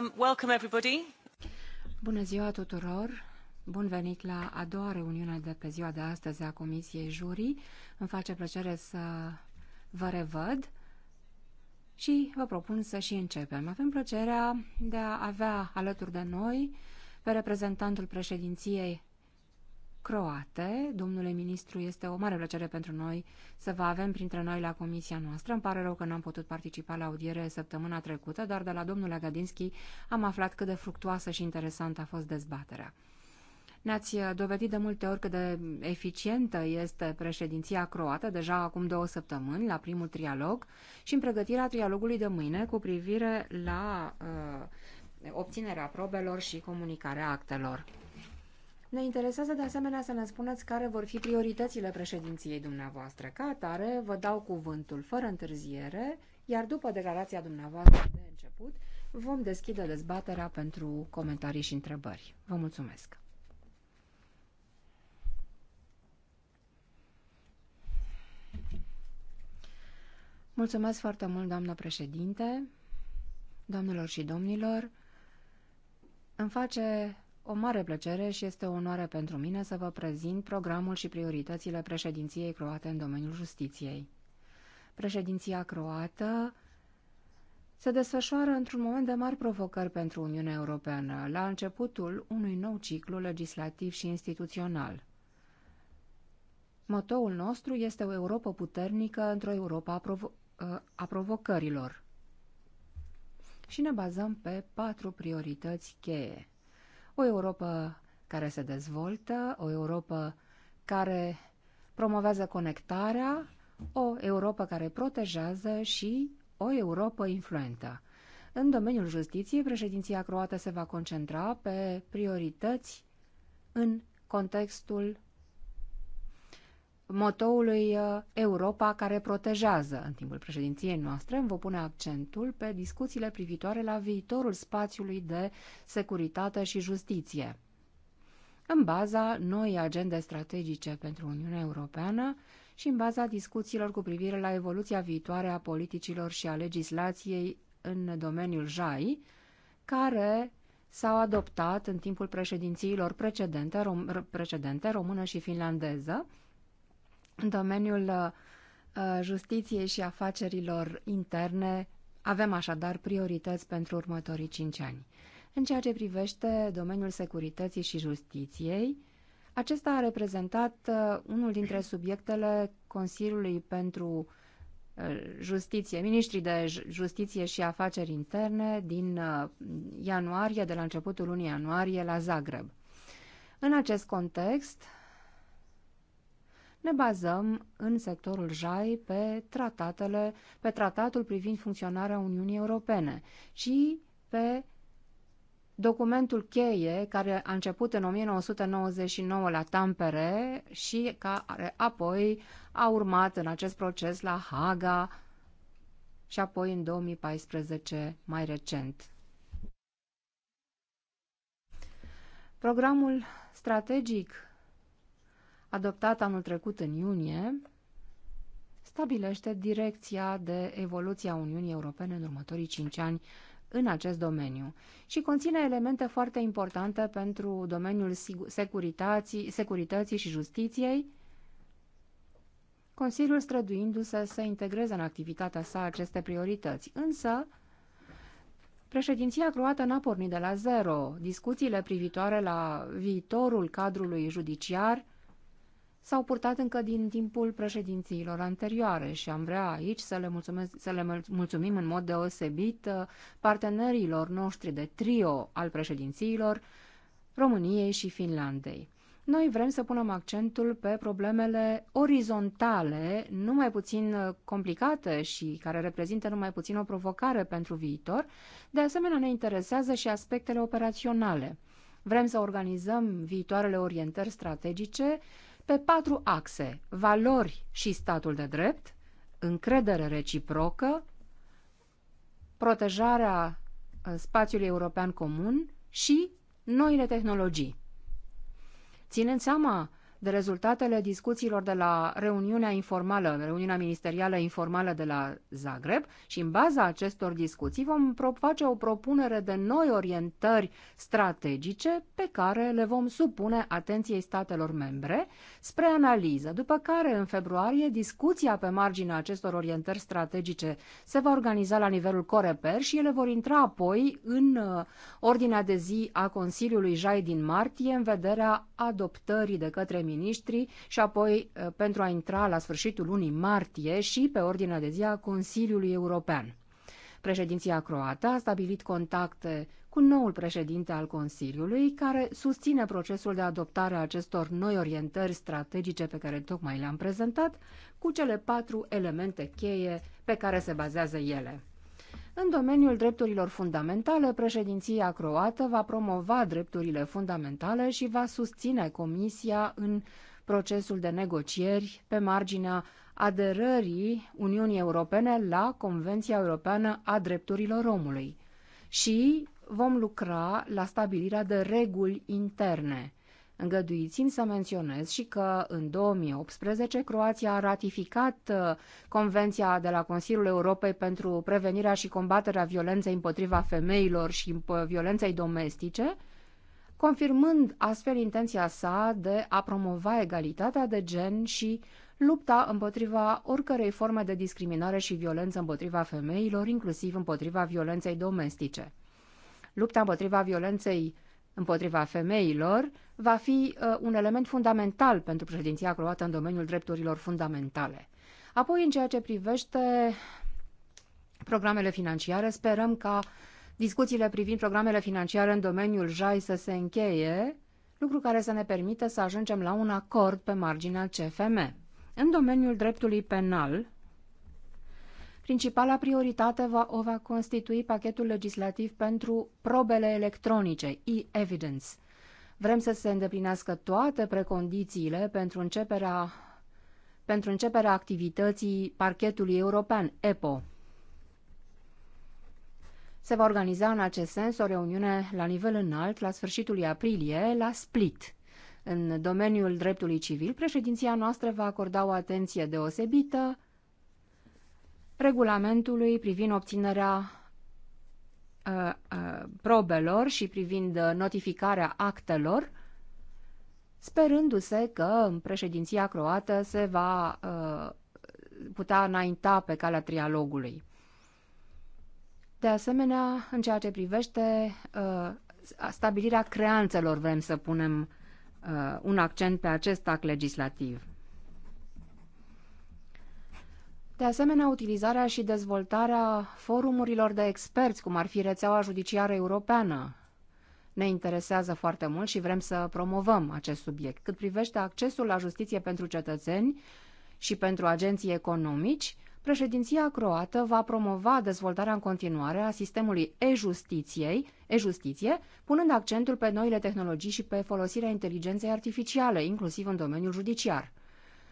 Um, Bună ziua tuturor! Bun venit la a doua reuniune de pe ziua de astăzi a Comisiei Jurii. Îmi face plăcere să vă revăd și vă propun să și începem. Avem plăcerea de a avea alături de noi pe reprezentantul președinției croate. Domnule ministru, este o mare plăcere pentru noi să vă avem printre noi la comisia noastră. Îmi pare rău că n-am putut participa la audiere săptămâna trecută, dar de la domnul Agadinski am aflat cât de fructuoasă și interesantă a fost dezbaterea. Ne-ați dovedit de multe ori cât de eficientă este președinția croată deja acum două săptămâni la primul trialog și în pregătirea trialogului de mâine cu privire la uh, obținerea probelor și comunicarea actelor. Ne interesează de asemenea să ne spuneți care vor fi prioritățile președinției dumneavoastră. Ca atare, vă dau cuvântul fără întârziere, iar după declarația dumneavoastră de început, vom deschide dezbaterea pentru comentarii și întrebări. Vă mulțumesc! Mulțumesc foarte mult, doamnă președinte, doamnelor și domnilor. Îmi face o mare plăcere și este o onoare pentru mine să vă prezint programul și prioritățile președinției croate în domeniul justiției. Președinția croată se desfășoară într-un moment de mari provocări pentru Uniunea Europeană, la începutul unui nou ciclu legislativ și instituțional. Motoul nostru este o Europa puternică într-o Europa a, provo ă, a provocărilor. Și ne bazăm pe patru priorități cheie o Europa care se dezvoltă, o Europa care promovează conectarea, o Europa care protejează și o Europa influentă. În domeniul justiției, președinția croată se va concentra pe priorități în contextul motoului uh, Europa care protejează. În timpul președinției noastre îmi vom pune accentul pe discuțiile privitoare la viitorul spațiului de securitate și justiție. În baza noi agende strategice pentru Uniunea Europeană și în baza discuțiilor cu privire la evoluția viitoare a politicilor și a legislației în domeniul JAI, care s-au adoptat în timpul președințiilor precedente, rom- precedente română și finlandeză, în domeniul uh, uh, justiției și afacerilor interne avem așadar priorități pentru următorii cinci ani. În ceea ce privește domeniul securității și justiției, acesta a reprezentat uh, unul dintre subiectele Consiliului pentru Justiție, Ministrii de Justiție și Afaceri Interne din ianuarie, de la începutul lunii ianuarie, la Zagreb. În acest context, ne bazăm în sectorul JAI pe, tratatele, pe tratatul privind funcționarea Uniunii Europene și pe documentul cheie care a început în 1999 la Tampere și care apoi a urmat în acest proces la Haga și apoi în 2014 mai recent. Programul strategic adoptat anul trecut în iunie, stabilește direcția de evoluție a Uniunii Europene în următorii cinci ani în acest domeniu și conține elemente foarte importante pentru domeniul securității, securității și justiției, Consiliul străduindu-se să integreze în activitatea sa aceste priorități. Însă, președinția croată n-a pornit de la zero. Discuțiile privitoare la viitorul cadrului judiciar – s-au purtat încă din timpul președințiilor anterioare și am vrea aici să le, mulțumesc, să le mulțumim în mod deosebit uh, partenerilor noștri de trio al președințiilor României și Finlandei. Noi vrem să punem accentul pe problemele orizontale, nu mai puțin uh, complicate și care reprezintă numai puțin o provocare pentru viitor. De asemenea, ne interesează și aspectele operaționale. Vrem să organizăm viitoarele orientări strategice pe patru axe, valori și statul de drept, încredere reciprocă, protejarea uh, spațiului european comun și noile tehnologii. Ținând seama de rezultatele discuțiilor de la reuniunea informală, reuniunea ministerială informală de la Zagreb și în baza acestor discuții vom face o propunere de noi orientări strategice pe care le vom supune atenției statelor membre spre analiză, după care în februarie discuția pe marginea acestor orientări strategice se va organiza la nivelul Coreper și ele vor intra apoi în uh, ordinea de zi a Consiliului Jai din martie în vederea adoptării de către miniștri și apoi uh, pentru a intra la sfârșitul lunii martie și pe ordinea de zi a Consiliului European. Președinția croată a stabilit contacte cu noul președinte al Consiliului, care susține procesul de adoptare a acestor noi orientări strategice pe care tocmai le-am prezentat, cu cele patru elemente cheie pe care se bazează ele. În domeniul drepturilor fundamentale, președinția croată va promova drepturile fundamentale și va susține Comisia în procesul de negocieri pe marginea aderării Uniunii Europene la Convenția Europeană a Drepturilor Omului și vom lucra la stabilirea de reguli interne Îngăduiți-mi să menționez și că în 2018 Croația a ratificat uh, Convenția de la Consiliul Europei pentru prevenirea și combaterea violenței împotriva femeilor și violenței domestice, confirmând astfel intenția sa de a promova egalitatea de gen și lupta împotriva oricărei forme de discriminare și violență împotriva femeilor, inclusiv împotriva violenței domestice. Lupta împotriva violenței împotriva femeilor va fi uh, un element fundamental pentru președinția croată în domeniul drepturilor fundamentale. Apoi, în ceea ce privește programele financiare, sperăm ca discuțiile privind programele financiare în domeniul JAI să se încheie, lucru care să ne permită să ajungem la un acord pe marginea CFM. În domeniul dreptului penal, Principala prioritate va, o va constitui pachetul legislativ pentru probele electronice, e-evidence. Vrem să se îndeplinească toate precondițiile pentru începerea, pentru începerea activității parchetului european, EPO. Se va organiza în acest sens o reuniune la nivel înalt la sfârșitul aprilie la Split. În domeniul dreptului civil, președinția noastră va acorda o atenție deosebită regulamentului privind obținerea uh, uh, probelor și privind uh, notificarea actelor, sperându-se că președinția croată se va putea înainta pe calea trialogului. De asemenea, în ceea ce privește stabilirea creanțelor, vrem să punem un accent pe acest act legislativ. De asemenea, utilizarea și dezvoltarea forumurilor de experți, cum ar fi rețeaua judiciară europeană. Ne interesează foarte mult și vrem să promovăm acest subiect. Cât privește accesul la justiție pentru cetățeni și pentru agenții economici, președinția croată va promova dezvoltarea în continuare a sistemului e-justiției, e-justiție, punând accentul pe noile tehnologii și pe folosirea inteligenței artificiale, inclusiv în domeniul judiciar.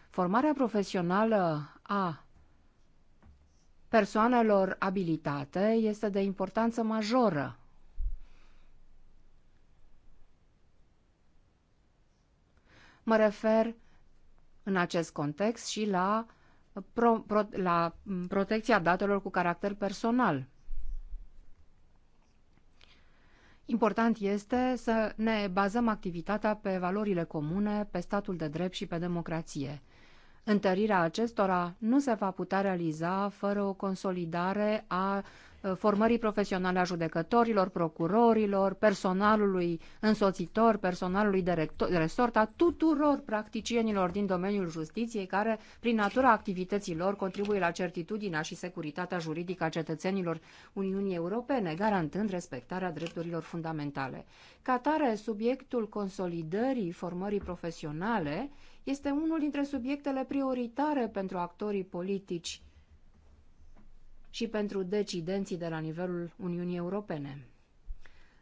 Formarea profesională a persoanelor abilitate este de importanță majoră. Mă refer în acest context și la, pro, pro, la protecția datelor cu caracter personal. Important este să ne bazăm activitatea pe valorile comune, pe statul de drept și pe democrație. Întărirea acestora nu se va putea realiza fără o consolidare a formării profesionale a judecătorilor, procurorilor, personalului însoțitor, personalului de resort, a tuturor practicienilor din domeniul justiției care, prin natura activității lor, contribuie la certitudinea și securitatea juridică a cetățenilor Uniunii Europene, garantând respectarea drepturilor fundamentale. Ca tare, subiectul consolidării formării profesionale este unul dintre subiectele prioritare pentru actorii politici și pentru decidenții de la nivelul Uniunii Europene.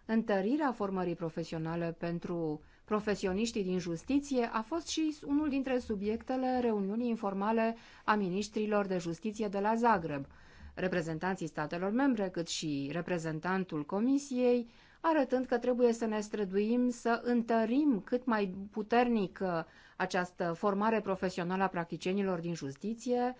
Întărirea formării profesionale pentru profesioniștii din justiție a fost și unul dintre subiectele reuniunii informale a ministrilor de justiție de la Zagreb. Reprezentanții statelor membre, cât și reprezentantul Comisiei, arătând că trebuie să ne străduim să întărim cât mai puternic uh, această formare profesională a practicienilor din justiție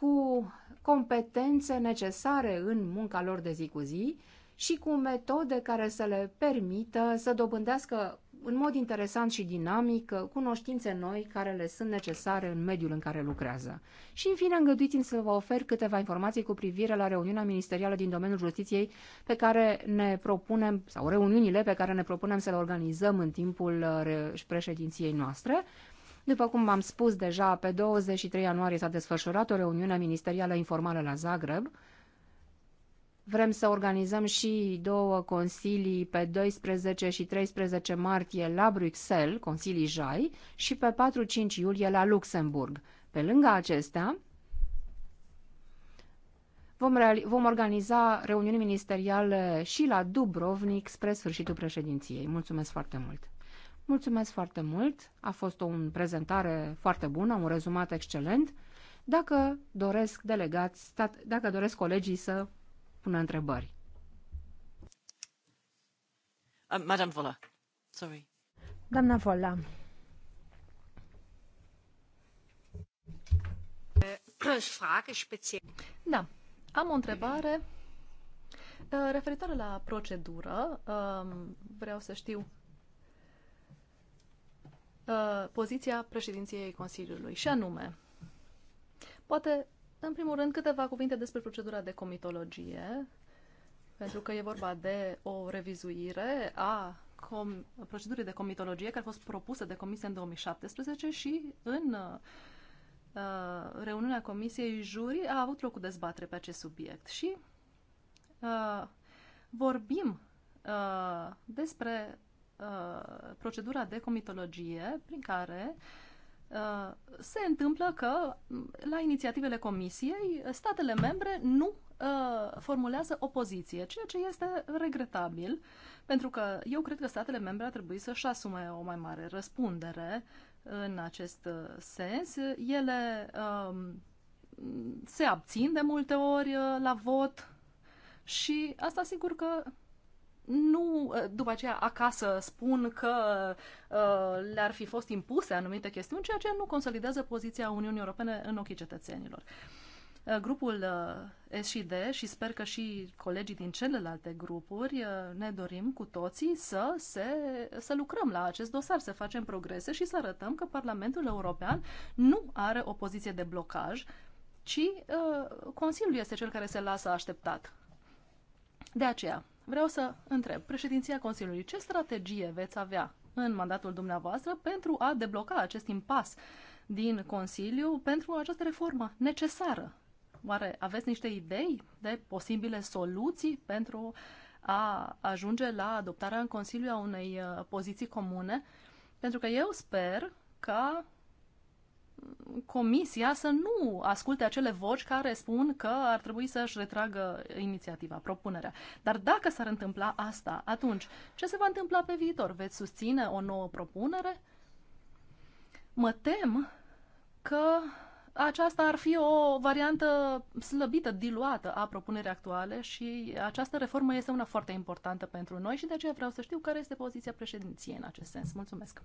cu competențe necesare în munca lor de zi cu zi și cu metode care să le permită să dobândească în mod interesant și dinamic uh, cunoștințe noi care le sunt necesare în mediul în care lucrează. Și, în fine, îngăduiți-mi să vă ofer câteva informații cu privire la reuniunea ministerială din domeniul justiției pe care ne propunem, sau reuniunile pe care ne propunem să le organizăm în timpul uh, președinției noastre. După cum am spus deja, pe 23 ianuarie s-a desfășurat o reuniune ministerială informală la Zagreb, Vrem să organizăm și două consilii pe 12 și 13 martie la Bruxelles, consilii JAI, și pe 4-5 iulie la Luxemburg. Pe lângă acestea, vom, vom organiza reuniuni ministeriale și la Dubrovnik spre sfârșitul președinției. Mulțumesc foarte mult! Mulțumesc foarte mult! A fost o prezentare foarte bună, un rezumat excelent. Dacă doresc delegați, dacă doresc colegii să pună întrebări. Uh, Madame Vola, sorry. Doamna Vola. Da, am o întrebare uh, referitoare la procedură. Um, vreau să știu uh, poziția președinției Consiliului și anume, poate în primul rând, câteva cuvinte despre procedura de comitologie, pentru că e vorba de o revizuire a com- procedurii de comitologie care a fost propusă de Comisie în 2017 și în uh, reuniunea Comisiei Juri a avut loc o dezbatere pe acest subiect și uh, vorbim uh, despre uh, procedura de comitologie prin care uh, Uh, se întâmplă că, mm, la inițiativele Comisiei, statele membre nu uh, formulează opoziție, ceea ce este regretabil, pentru că eu cred că statele membre ar trebui să-și asume o mai mare răspundere în acest uh, sens. Ele um, se abțin de multe ori la vot și asta sigur că nu ă, după aceea acasă spun că uh, le-ar fi fost impuse anumite chestiuni, ceea ce nu consolidează poziția Uniunii Europene în ochii cetățenilor. Ă, grupul uh, SID și sper că și colegii din celelalte grupuri ne dorim cu toții să, se, să lucrăm la acest dosar, să facem progrese și să arătăm că Parlamentul European nu are o poziție de blocaj, ci Consiliul este cel care se lasă așteptat. De aceea, Vreau să întreb, președinția Consiliului, ce strategie veți avea în mandatul dumneavoastră pentru a debloca acest impas din Consiliu pentru această reformă necesară? Oare aveți niște idei de posibile soluții pentru a ajunge la adoptarea în Consiliu a unei uh, poziții comune? Pentru că eu sper ca Comisia să nu asculte acele voci care spun că ar trebui să-și retragă inițiativa, propunerea. Dar dacă s-ar întâmpla asta, atunci ce se va întâmpla pe viitor? Veți susține o nouă propunere? Mă tem că aceasta ar fi o variantă slăbită, diluată a propunerii actuale și această reformă este una foarte importantă pentru noi și de aceea vreau să știu care este poziția președinției în acest sens. Mulțumesc!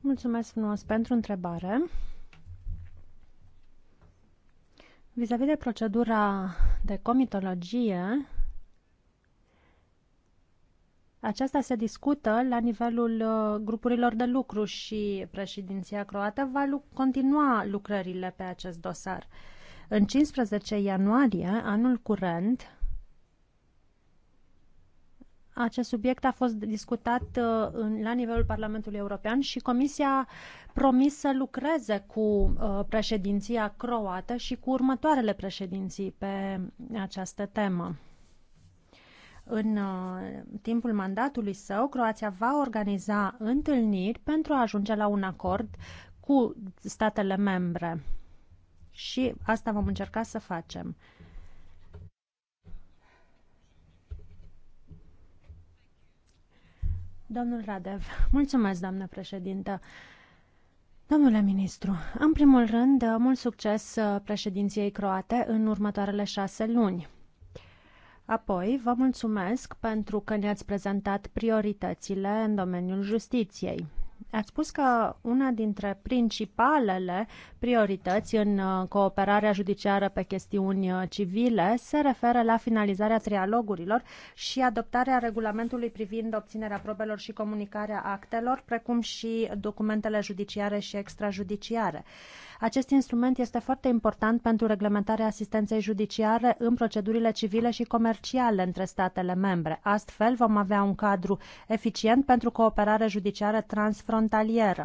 Mulțumesc frumos pentru întrebare. Vis-a-vis -vis de procedura de comitologie, aceasta se discută la nivelul uh, grupurilor de lucru și președinția croată va continua lucrările pe acest dosar. În 15 ianuarie, anul curent, acest subiect a fost discutat uh, în, la nivelul Parlamentului European și Comisia promis să lucreze cu uh, președinția croată și cu următoarele președinții pe această temă. În uh, timpul mandatului său, Croația va organiza întâlniri pentru a ajunge la un acord cu statele membre. Și asta vom încerca să facem. Domnul Radev, mulțumesc, doamnă președintă. Domnule ministru, în primul rând, mult succes uh, președinției croate în următoarele șase luni. Apoi, vă mulțumesc pentru că ne-ați prezentat prioritățile în domeniul justiției. Ați spus că una dintre principalele priorități în uh, cooperarea judiciară pe chestiuni uh, civile se referă la finalizarea trialogurilor și adoptarea regulamentului privind obținerea probelor și comunicarea actelor, precum și documentele judiciare și extrajudiciare. Acest instrument este foarte important pentru reglementarea asistenței judiciare în procedurile civile și comerciale între statele membre. Astfel vom avea un cadru eficient pentru cooperare judiciară transfrontalieră.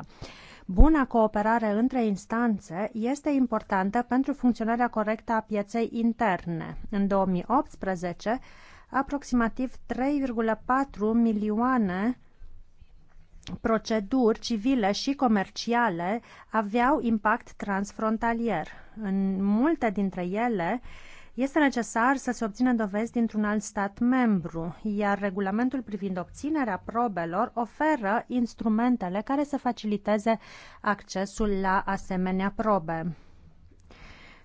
Buna cooperare între instanțe este importantă pentru funcționarea corectă a pieței interne. În 2018, aproximativ 3,4 milioane proceduri civile și comerciale aveau impact transfrontalier. În multe dintre ele, este necesar să se obțină dovezi dintr-un alt stat membru, iar regulamentul privind obținerea probelor oferă instrumentele care să faciliteze accesul la asemenea probe.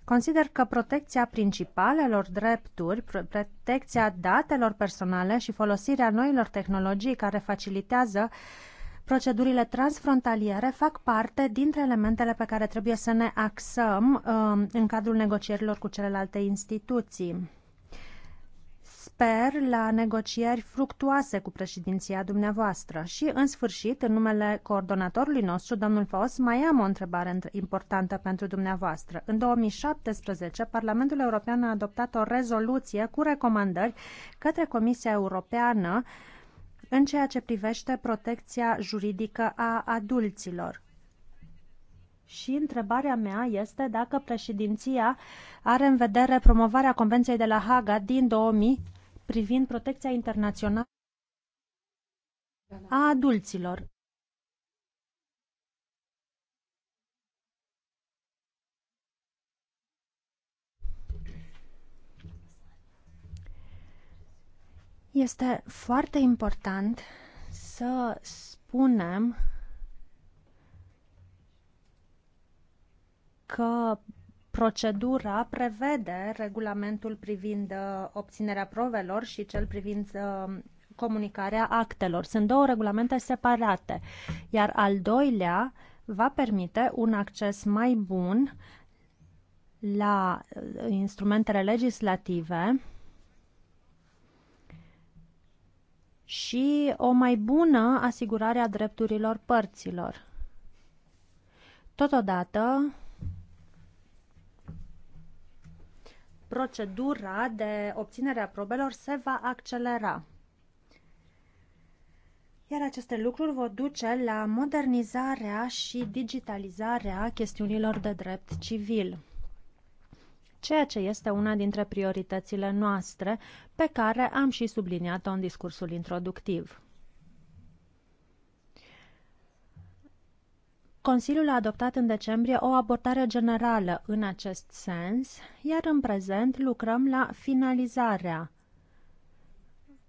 Consider că protecția principalelor drepturi, protecția datelor personale și folosirea noilor tehnologii care facilitează Procedurile transfrontaliere fac parte dintre elementele pe care trebuie să ne axăm um, în cadrul negocierilor cu celelalte instituții. Sper la negocieri fructuoase cu președinția dumneavoastră și, în sfârșit, în numele coordonatorului nostru, domnul Faos, mai am o întrebare importantă pentru dumneavoastră. În 2017, Parlamentul European a adoptat o rezoluție cu recomandări către Comisia Europeană uh, în ceea ce privește protecția juridică a adulților. Și întrebarea mea este dacă președinția are în vedere promovarea Convenției de la Haga din 2000 privind protecția internațională a adulților. Este foarte important să spunem că procedura prevede regulamentul privind uh, obținerea provelor și cel privind uh, comunicarea actelor. Sunt două regulamente separate, iar al doilea va permite un acces mai bun la uh, instrumentele legislative și o mai bună asigurare a drepturilor părților. Totodată, procedura de obținere a probelor se va accelera. Iar aceste lucruri vor duce la modernizarea și digitalizarea chestiunilor de drept civil ceea ce este una dintre prioritățile noastre, pe care am și subliniat-o în discursul introductiv. Consiliul a adoptat în decembrie o abordare generală în acest sens, iar în prezent lucrăm la finalizarea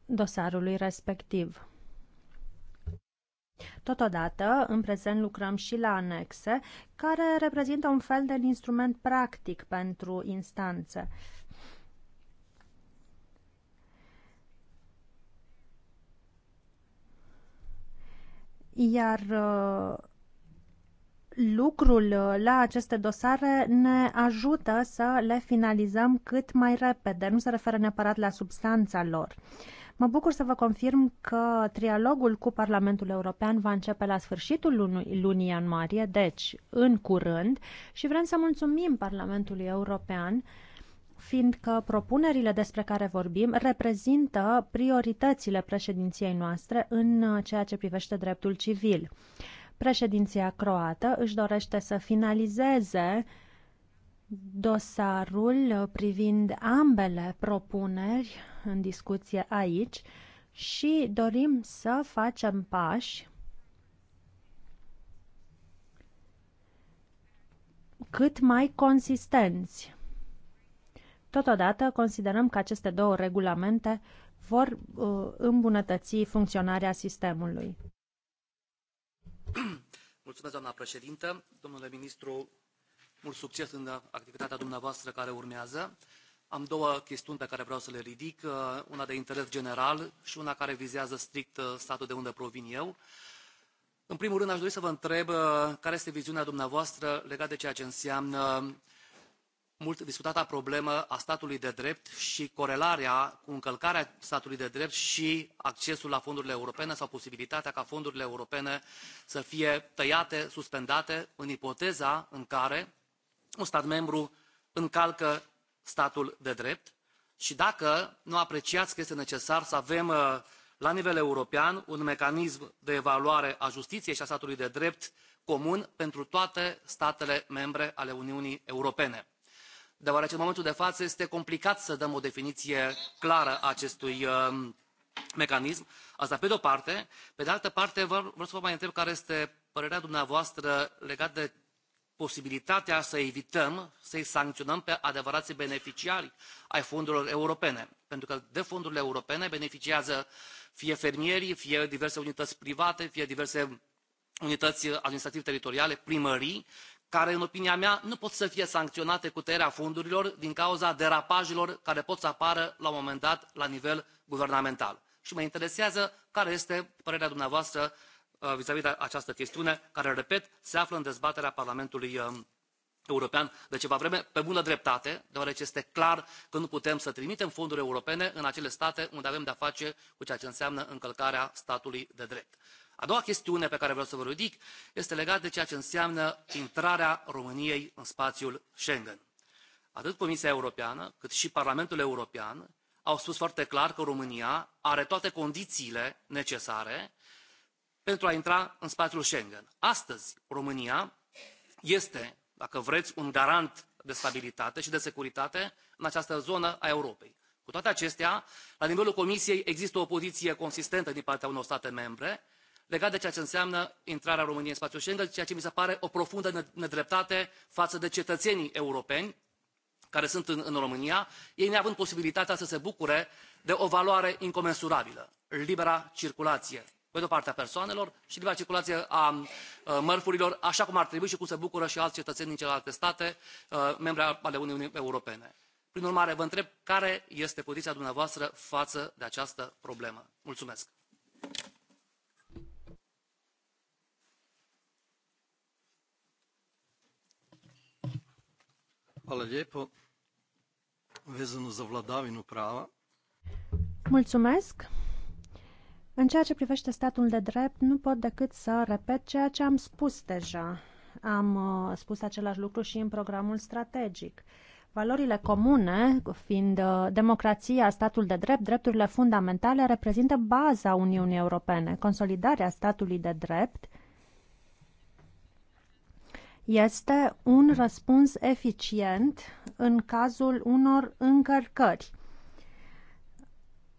dosarului respectiv. Totodată, în prezent lucrăm și la anexe, care reprezintă un fel de instrument practic pentru instanțe. Iar uh, lucrul uh, la aceste dosare ne ajută să le finalizăm cât mai repede. Nu se referă neapărat la substanța lor. Uh, Mă bucur să vă confirm că trialogul cu Parlamentul European va începe la sfârșitul lunii, lunii ianuarie, deci în curând, și vrem să mulțumim Parlamentului European fiindcă propunerile despre care vorbim reprezintă prioritățile președinției noastre în ceea ce privește dreptul civil. Președinția croată își dorește să finalizeze dosarul privind ambele propuneri în discuție aici și dorim să facem pași cât mai consistenți. Totodată, considerăm că aceste două regulamente vor uh, îmbunătăți funcționarea sistemului. Mulțumesc, doamna președintă. Domnule ministru, mult succes în activitatea dumneavoastră care urmează. Am două chestiuni pe care vreau să le ridic, uh, una de interes general și una care vizează strict uh, statul de unde provin eu. În primul rând, aș dori să vă întreb uh, care este viziunea dumneavoastră legată de ceea ce înseamnă mult discutata problemă a statului de drept și corelarea cu încălcarea statului de drept și accesul la fondurile europene sau posibilitatea ca fondurile europene să fie tăiate, suspendate, în ipoteza în care un stat membru încalcă statul de drept și dacă nu apreciați că este necesar să avem uh, la nivel european un mecanism de evaluare a justiției și a statului de drept comun pentru toate statele membre ale uniunii europene deoarece în momentul de față este complicat să dăm o definiție clară a acestui uh, mecanism asta pe de o parte pe de altă parte vreau să vă mai întreb care este părerea dumneavoastră legată de posibilitatea să evităm să i sancționăm pe adevărații beneficiari ai fondurilor europene pentru că de fondurile europene beneficiază fie fermierii fie diverse unități private fie diverse unități administrativ teritoriale primării care în opinia mea nu pot să fie sancționate cu tăierea fondurilor din cauza derapajelor care pot să apară la un moment dat la nivel guvernamental și mă interesează care este părerea dumneavoastră Uh, vis-a-vis de această chestiune, care, repet, se află în dezbaterea Parlamentului um, european de ceva vreme, pe bună dreptate, deoarece este clar că nu putem să trimitem fonduri europene în acele state unde avem de-a face cu ceea ce înseamnă încălcarea statului de drept. A doua chestiune pe care vreau să vă ridic este legată de ceea ce înseamnă intrarea României în spațiul Schengen. Atât Comisia Europeană, cât și Parlamentul European au spus foarte clar că România are toate condițiile necesare pentru a intra în spațiul Schengen. Astăzi, România este, dacă vreți, un garant de stabilitate și de securitate în această zonă a Europei. Cu toate acestea, la nivelul Comisiei există o poziție consistentă din partea unor state membre legat de ceea ce înseamnă intrarea României în spațiul Schengen, ceea ce mi se pare o profundă nedreptate față de cetățenii europeni care sunt în, în România, ei neavând posibilitatea să se bucure de o valoare incomensurabilă, libera circulație, pe de-o parte a persoanelor și libera circulație a mărfurilor, așa cum ar trebui și cum se bucură și alți cetățeni din celelalte state membre ale Uniunii Europene. Prin urmare, vă întreb care este poziția dumneavoastră față de această problemă. Mulțumesc! Hvala lijepo. Vezano za vladavinu prava. Mulțumesc. În ceea ce privește statul de drept, nu pot decât să repet ceea ce am spus deja. Am uh, spus același lucru și în programul strategic. Valorile comune, fiind uh, democrația, statul de drept, drepturile fundamentale, reprezintă baza Uniunii Europene. Consolidarea statului de drept este un răspuns eficient în cazul unor încărcări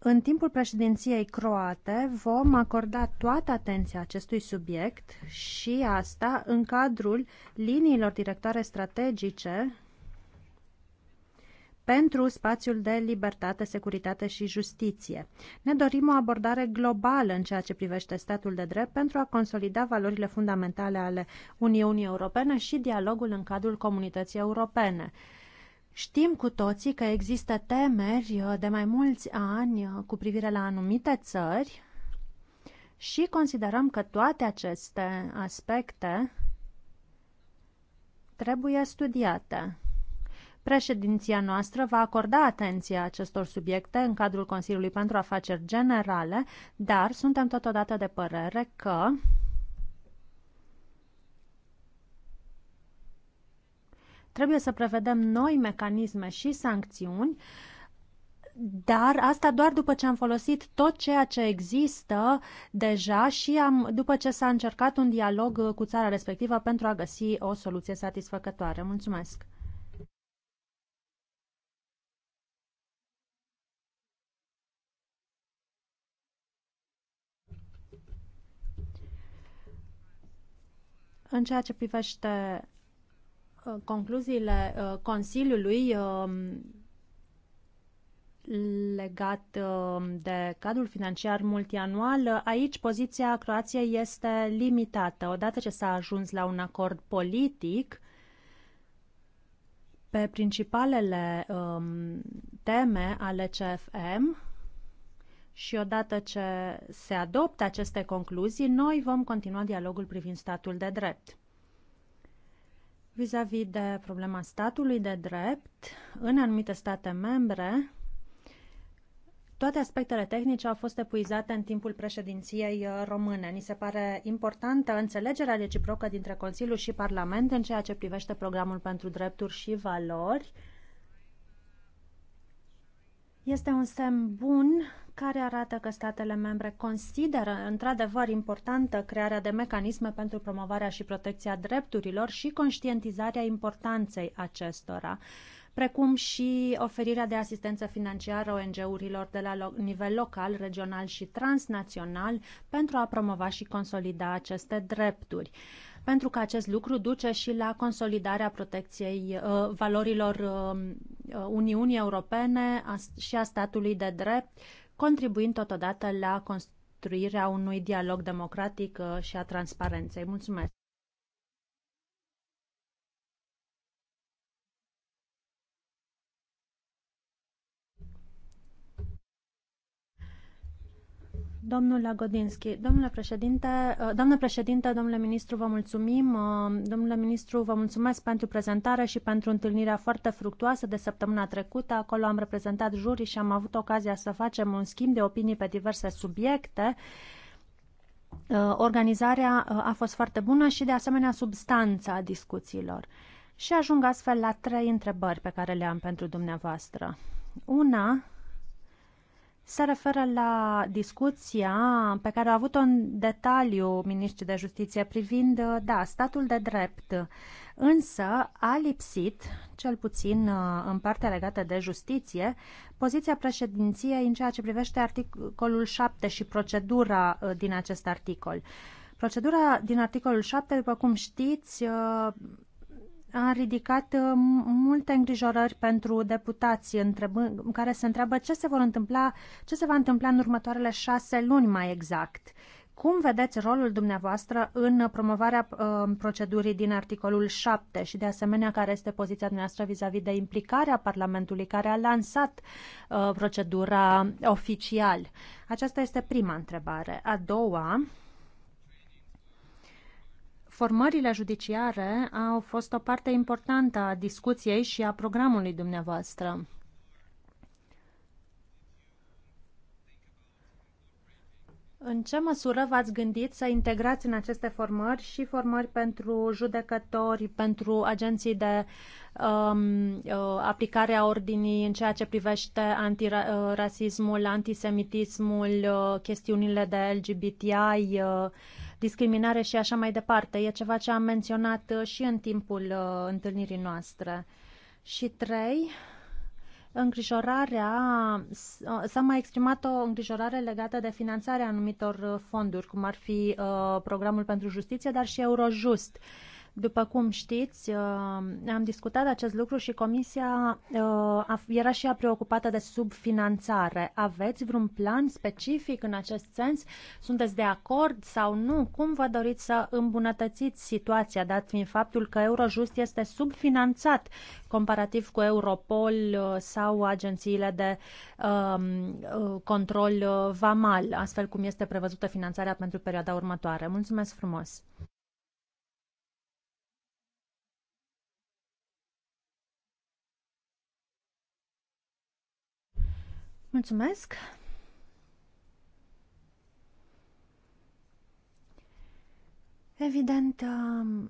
în timpul președinției croate vom acorda toată atenția acestui subiect și asta în cadrul liniilor directoare strategice pentru spațiul de libertate, securitate și justiție. Ne dorim o abordare globală în ceea ce privește statul de drept pentru a consolida valorile fundamentale ale Uniunii Europene și dialogul în cadrul comunității europene. Știm cu toții că există temeri uh, de mai mulți ani uh, cu privire la anumite țări și considerăm că toate aceste aspecte trebuie studiate. Președinția noastră va acorda atenția acestor subiecte în cadrul Consiliului pentru Afaceri Generale, dar suntem totodată de părere că Trebuie să prevedem noi mecanisme și sancțiuni, dar asta doar după ce am folosit tot ceea ce există deja și am, după ce s-a încercat un dialog cu țara respectivă pentru a găsi o soluție satisfăcătoare. Mulțumesc! În ceea ce privește concluziile uh, Consiliului um, legat um, de cadrul financiar multianual, aici poziția Croației este limitată. Odată ce s-a ajuns la un acord politic, pe principalele um, teme ale CFM și odată ce se adoptă aceste concluzii, noi vom continua dialogul privind statul de drept vis-a-vis -vis de problema statului de drept în anumite state membre, toate aspectele tehnice au fost epuizate în timpul președinției uh, române. Ni se pare importantă înțelegerea reciprocă dintre Consiliu și Parlament în ceea ce privește programul pentru drepturi și valori. Este un semn bun care arată că statele membre consideră într-adevăr importantă crearea de mecanisme pentru promovarea și protecția drepturilor și conștientizarea importanței acestora precum și oferirea de asistență financiară ONG-urilor de la nivel local, regional și transnațional pentru a promova și consolida aceste drepturi. Pentru că acest lucru duce și la consolidarea protecției uh, valorilor uh, Uniunii Europene și a statului de drept contribuind totodată la construirea unui dialog democratic uh, și a transparenței. Mulțumesc! Domnul Lagodinski, domnule președinte, uh, domnule președinte, domnule ministru, vă mulțumim. Uh, domnule ministru, vă mulțumesc pentru prezentare și pentru întâlnirea foarte fructuoasă de săptămâna trecută. Acolo am reprezentat jurii și am avut ocazia să facem un schimb de opinii pe diverse subiecte. Uh, organizarea a fost foarte bună și, de asemenea, substanța discuțiilor. Și ajung astfel la trei întrebări pe care le am pentru dumneavoastră. Una se referă la discuția pe care a avut-o în detaliu ministrii de justiție privind, uh, da, statul de drept. Însă a lipsit, cel puțin uh, în partea legată de justiție, poziția președinției în ceea ce privește articolul 7 și procedura uh, din acest articol. Procedura din articolul 7, după cum știți, a ridicat uh, multe îngrijorări pentru deputații care se întreabă ce se, vor întâmpla, ce se va întâmpla în următoarele șase luni mai exact. Cum vedeți rolul dumneavoastră în promovarea uh, procedurii din articolul 7 și de asemenea care este poziția noastră vis-a-vis -vis de implicarea Parlamentului care a lansat uh, procedura oficial? Aceasta este prima întrebare. A doua, Formările judiciare au fost o parte importantă a discuției și a programului dumneavoastră. În ce măsură v-ați gândit să integrați în aceste formări și formări pentru judecători, pentru agenții de um, uh, aplicare a ordinii în ceea ce privește antirasismul, antisemitismul, uh, chestiunile de LGBTI? Uh, discriminare și așa mai departe. E ceva ce am menționat uh, și în timpul uh, întâlnirii noastre. Și trei, îngrijorarea, uh, s-a mai exprimat o îngrijorare legată de finanțarea anumitor fonduri, cum ar fi programul pentru justiție, dar și Eurojust. Uh, după cum știți, uh, am discutat acest lucru și Comisia uh, era și ea preocupată de subfinanțare. Aveți vreun plan specific în acest sens? Sunteți de acord sau nu? Cum vă doriți să îmbunătățiți situația, dat fiind faptul că Eurojust este subfinanțat comparativ cu Europol uh, sau agențiile de um, control vamal, astfel cum este prevăzută finanțarea pentru perioada următoare? Mulțumesc frumos! Mulțumesc! Evident, um,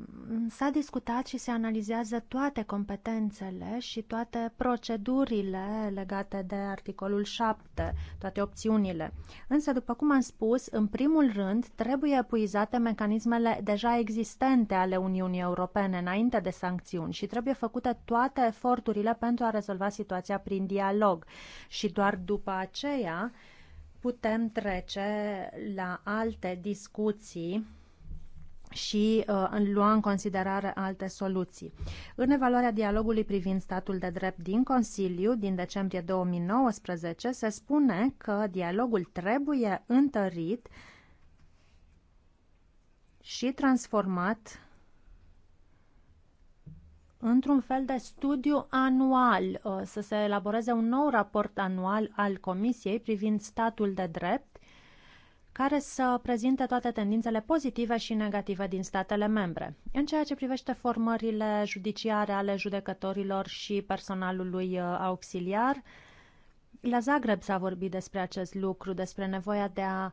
s-a discutat și se analizează toate competențele și toate procedurile legate de articolul 7, toate opțiunile. Însă, după cum am spus, în primul rând trebuie epuizate mecanismele deja existente ale Uniunii Europene înainte de sancțiuni și trebuie făcute toate eforturile pentru a rezolva situația prin dialog. Și doar după aceea putem trece la alte discuții și uh, lua în considerare alte soluții. În evaluarea dialogului privind statul de drept din Consiliu din decembrie 2019 se spune că dialogul trebuie întărit și transformat într-un fel de studiu anual, uh, să se elaboreze un nou raport anual al Comisiei privind statul de drept care să prezinte toate tendințele pozitive și negative din statele membre. În ceea ce privește formările judiciare ale judecătorilor și personalului uh, auxiliar, la Zagreb s-a vorbit despre acest lucru, despre nevoia de a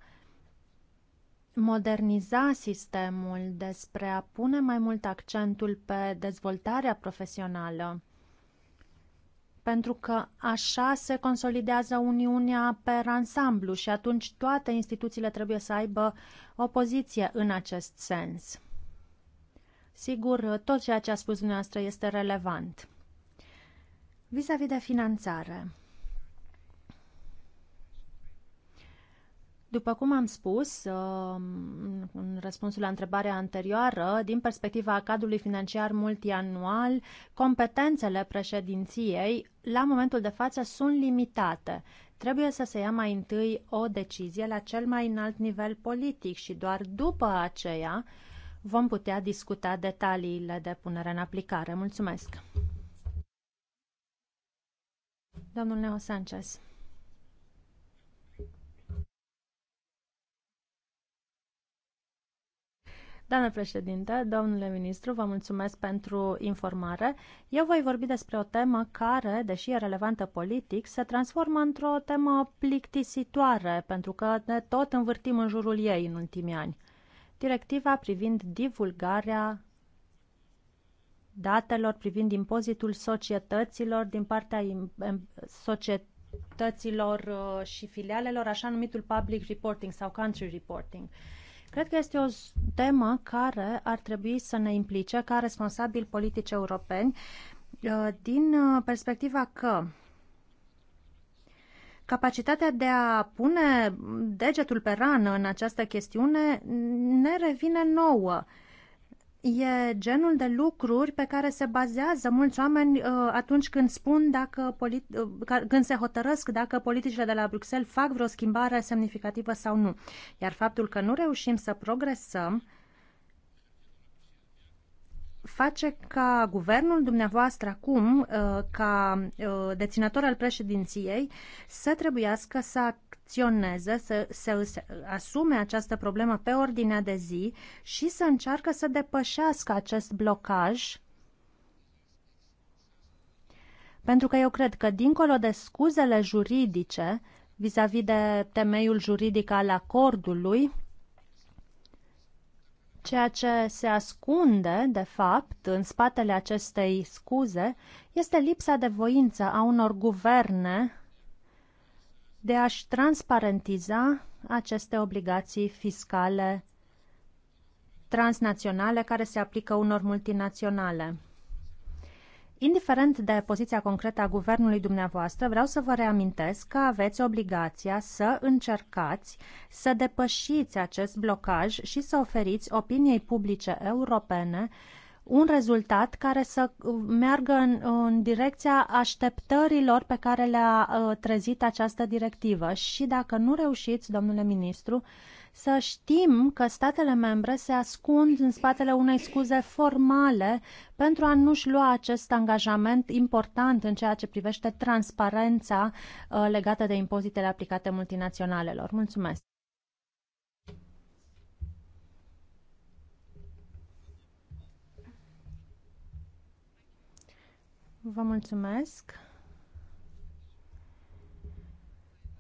moderniza sistemul, despre a pune mai mult accentul pe dezvoltarea profesională pentru că așa se consolidează Uniunea pe ansamblu și atunci toate instituțiile trebuie să aibă o poziție în acest sens. Sigur, tot ceea ce a spus dumneavoastră este relevant. Vis-a-vis -vis de finanțare, După cum am spus um, în răspunsul la întrebarea anterioară, din perspectiva cadrului financiar multianual, competențele președinției la momentul de față sunt limitate. Trebuie să se ia mai întâi o decizie la cel mai înalt nivel politic și doar după aceea vom putea discuta detaliile de punere în aplicare. Mulțumesc! Domnul Neo Sanchez. Doamne președinte, domnule ministru, vă mulțumesc pentru informare. Eu voi vorbi despre o temă care, deși e relevantă politic, se transformă într-o temă plictisitoare, pentru că ne tot învârtim în jurul ei în ultimii ani. Directiva privind divulgarea datelor privind impozitul societăților din partea societăților uh, și filialelor, așa numitul public reporting sau country reporting. Uh, Cred că este o temă care ar trebui să ne implice ca responsabili politici europeni uh, din uh, perspectiva că capacitatea de a pune degetul pe rană în această chestiune ne revine nouă e genul de lucruri pe care se bazează mulți oameni uh, atunci când spun dacă polit- uh, când se hotărăsc dacă politicile de la Bruxelles fac vreo schimbare semnificativă sau nu. Iar faptul că nu reușim să progresăm face ca guvernul dumneavoastră acum, uh, ca deținător al președinției, să trebuiască să acționeze, să, să, să asume această problemă pe ordinea de zi și să încearcă să depășească acest blocaj pentru că eu cred că, dincolo de scuzele juridice, vis-a-vis -vis de temeiul juridic al acordului, ceea ce se ascunde, de fapt, în spatele acestei scuze, este lipsa de voință a unor guverne de a-și transparentiza aceste obligații fiscale transnaționale care se aplică unor multinaționale. Indiferent de poziția concretă a guvernului dumneavoastră, vreau să vă reamintesc că aveți obligația să încercați să depășiți acest blocaj și să oferiți opiniei publice europene un rezultat care să meargă în, în direcția așteptărilor pe care le-a uh, trezit această directivă. Și dacă nu reușiți, domnule ministru, să știm că statele membre se ascund în spatele unei scuze formale pentru a nu-și lua acest angajament important în ceea ce privește transparența uh, legată de impozitele aplicate multinaționalelor. Mulțumesc! Vă mulțumesc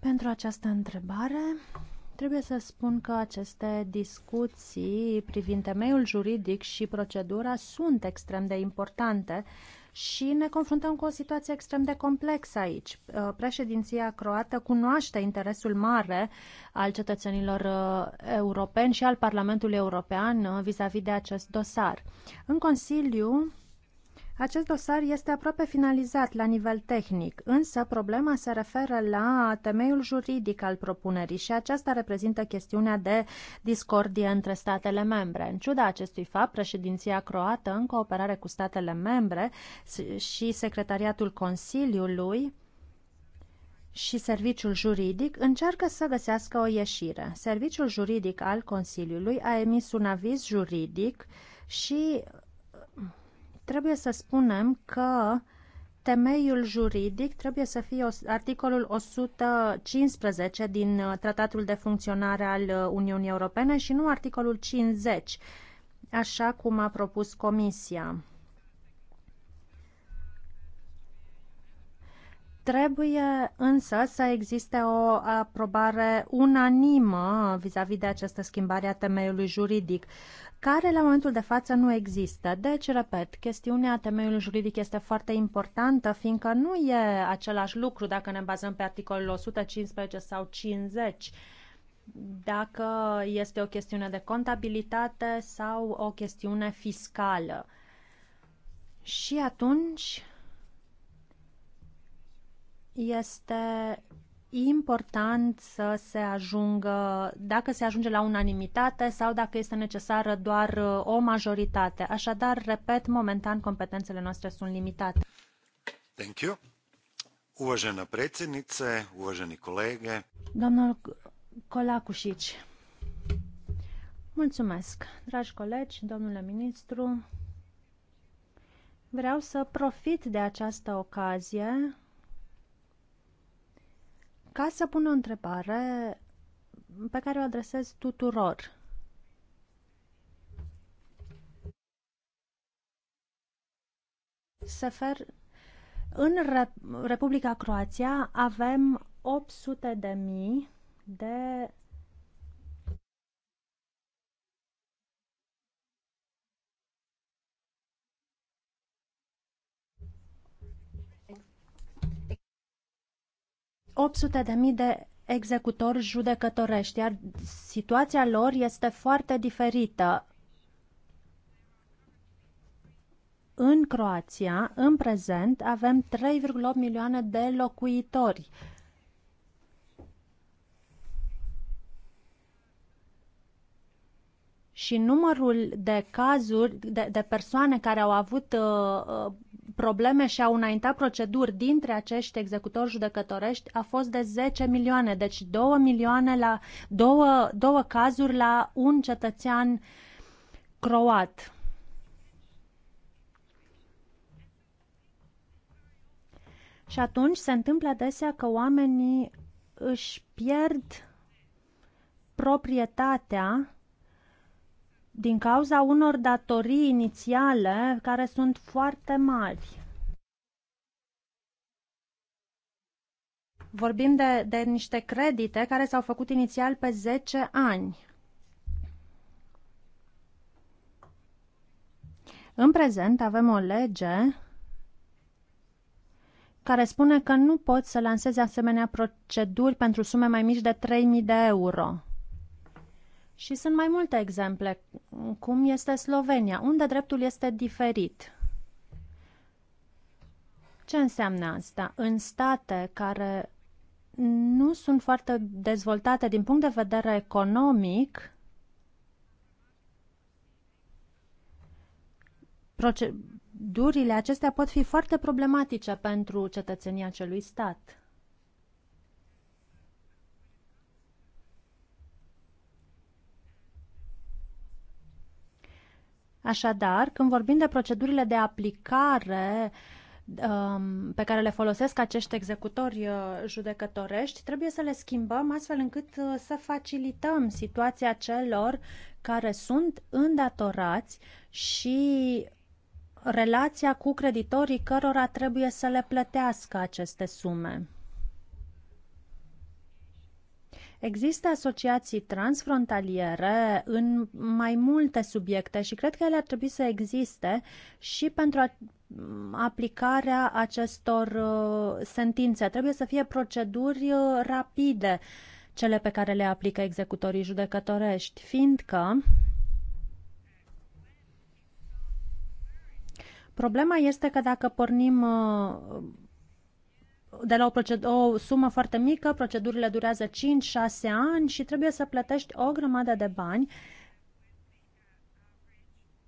pentru această întrebare. Trebuie să spun că aceste discuții privind temeiul juridic și procedura sunt extrem de importante și ne confruntăm cu o situație extrem de complexă aici. Uh, președinția croată cunoaște interesul mare al cetățenilor uh, europeni și al Parlamentului European uh, vis-a-vis -vis de acest dosar. În Consiliu, acest dosar este aproape finalizat la nivel tehnic, însă problema se referă la temeiul juridic al propunerii și aceasta reprezintă chestiunea de discordie între statele membre. În ciuda acestui fapt, președinția croată, în cooperare cu statele membre și secretariatul Consiliului, și serviciul juridic încearcă să găsească o ieșire. Serviciul juridic al Consiliului a emis un aviz juridic și trebuie să spunem că temeiul juridic trebuie să fie articolul 115 din uh, Tratatul de Funcționare al uh, Uniunii Europene și nu articolul 50, așa cum a propus Comisia. Trebuie însă să existe o aprobare unanimă vis-a-vis -vis de această schimbare a temeiului juridic, care la momentul de față nu există. Deci, repet, chestiunea temeiului juridic este foarte importantă, fiindcă nu e același lucru dacă ne bazăm pe articolul 115 sau 50 dacă este o chestiune de contabilitate sau o chestiune fiscală. Și atunci este important să se ajungă, dacă se ajunge la unanimitate sau dacă este necesară doar uh, o majoritate. Așadar, repet, momentan competențele noastre sunt limitate. Thank you. Uvažena predsjednice, uvaženi kolege. Domnul Colacușici, mulțumesc. Dragi colegi, domnule ministru, vreau să profit de această ocazie ca să pun o întrebare pe care o adresez tuturor. Sefer, în Republica Croația avem 800 de mii de 800 de mii de executori judecătorești, iar situația lor este foarte diferită. În Croația, în prezent, avem 3,8 milioane de locuitori. Și numărul de cazuri, de, de persoane care au avut uh, uh probleme și au înaintat proceduri dintre acești executori judecătorești a fost de 10 milioane, deci 2 milioane la două, două cazuri la un cetățean croat. Și atunci se întâmplă adesea că oamenii își pierd proprietatea din cauza unor datorii inițiale care sunt foarte mari. Vorbim de, de niște credite care s-au făcut inițial pe 10 ani. În prezent avem o lege care spune că nu poți să lansezi asemenea proceduri pentru sume mai mici de 3.000 de euro. Și sunt mai multe exemple, cum este Slovenia, unde dreptul este diferit. Ce înseamnă asta? În state care nu sunt foarte dezvoltate din punct de vedere economic, procedurile acestea pot fi foarte problematice pentru cetățenia acelui stat. Așadar, când vorbim de procedurile de aplicare um, pe care le folosesc acești executori uh, judecătorești, trebuie să le schimbăm astfel încât uh, să facilităm situația celor care sunt îndatorați și relația cu creditorii cărora trebuie să le plătească aceste sume. Există asociații transfrontaliere în mai multe subiecte și cred că ele ar trebui să existe și pentru a aplicarea acestor uh, sentințe. Trebuie să fie proceduri uh, rapide cele pe care le aplică executorii judecătorești, fiindcă problema este că dacă pornim uh, de la o, o sumă foarte mică, procedurile durează 5-6 ani și trebuie să plătești o grămadă de bani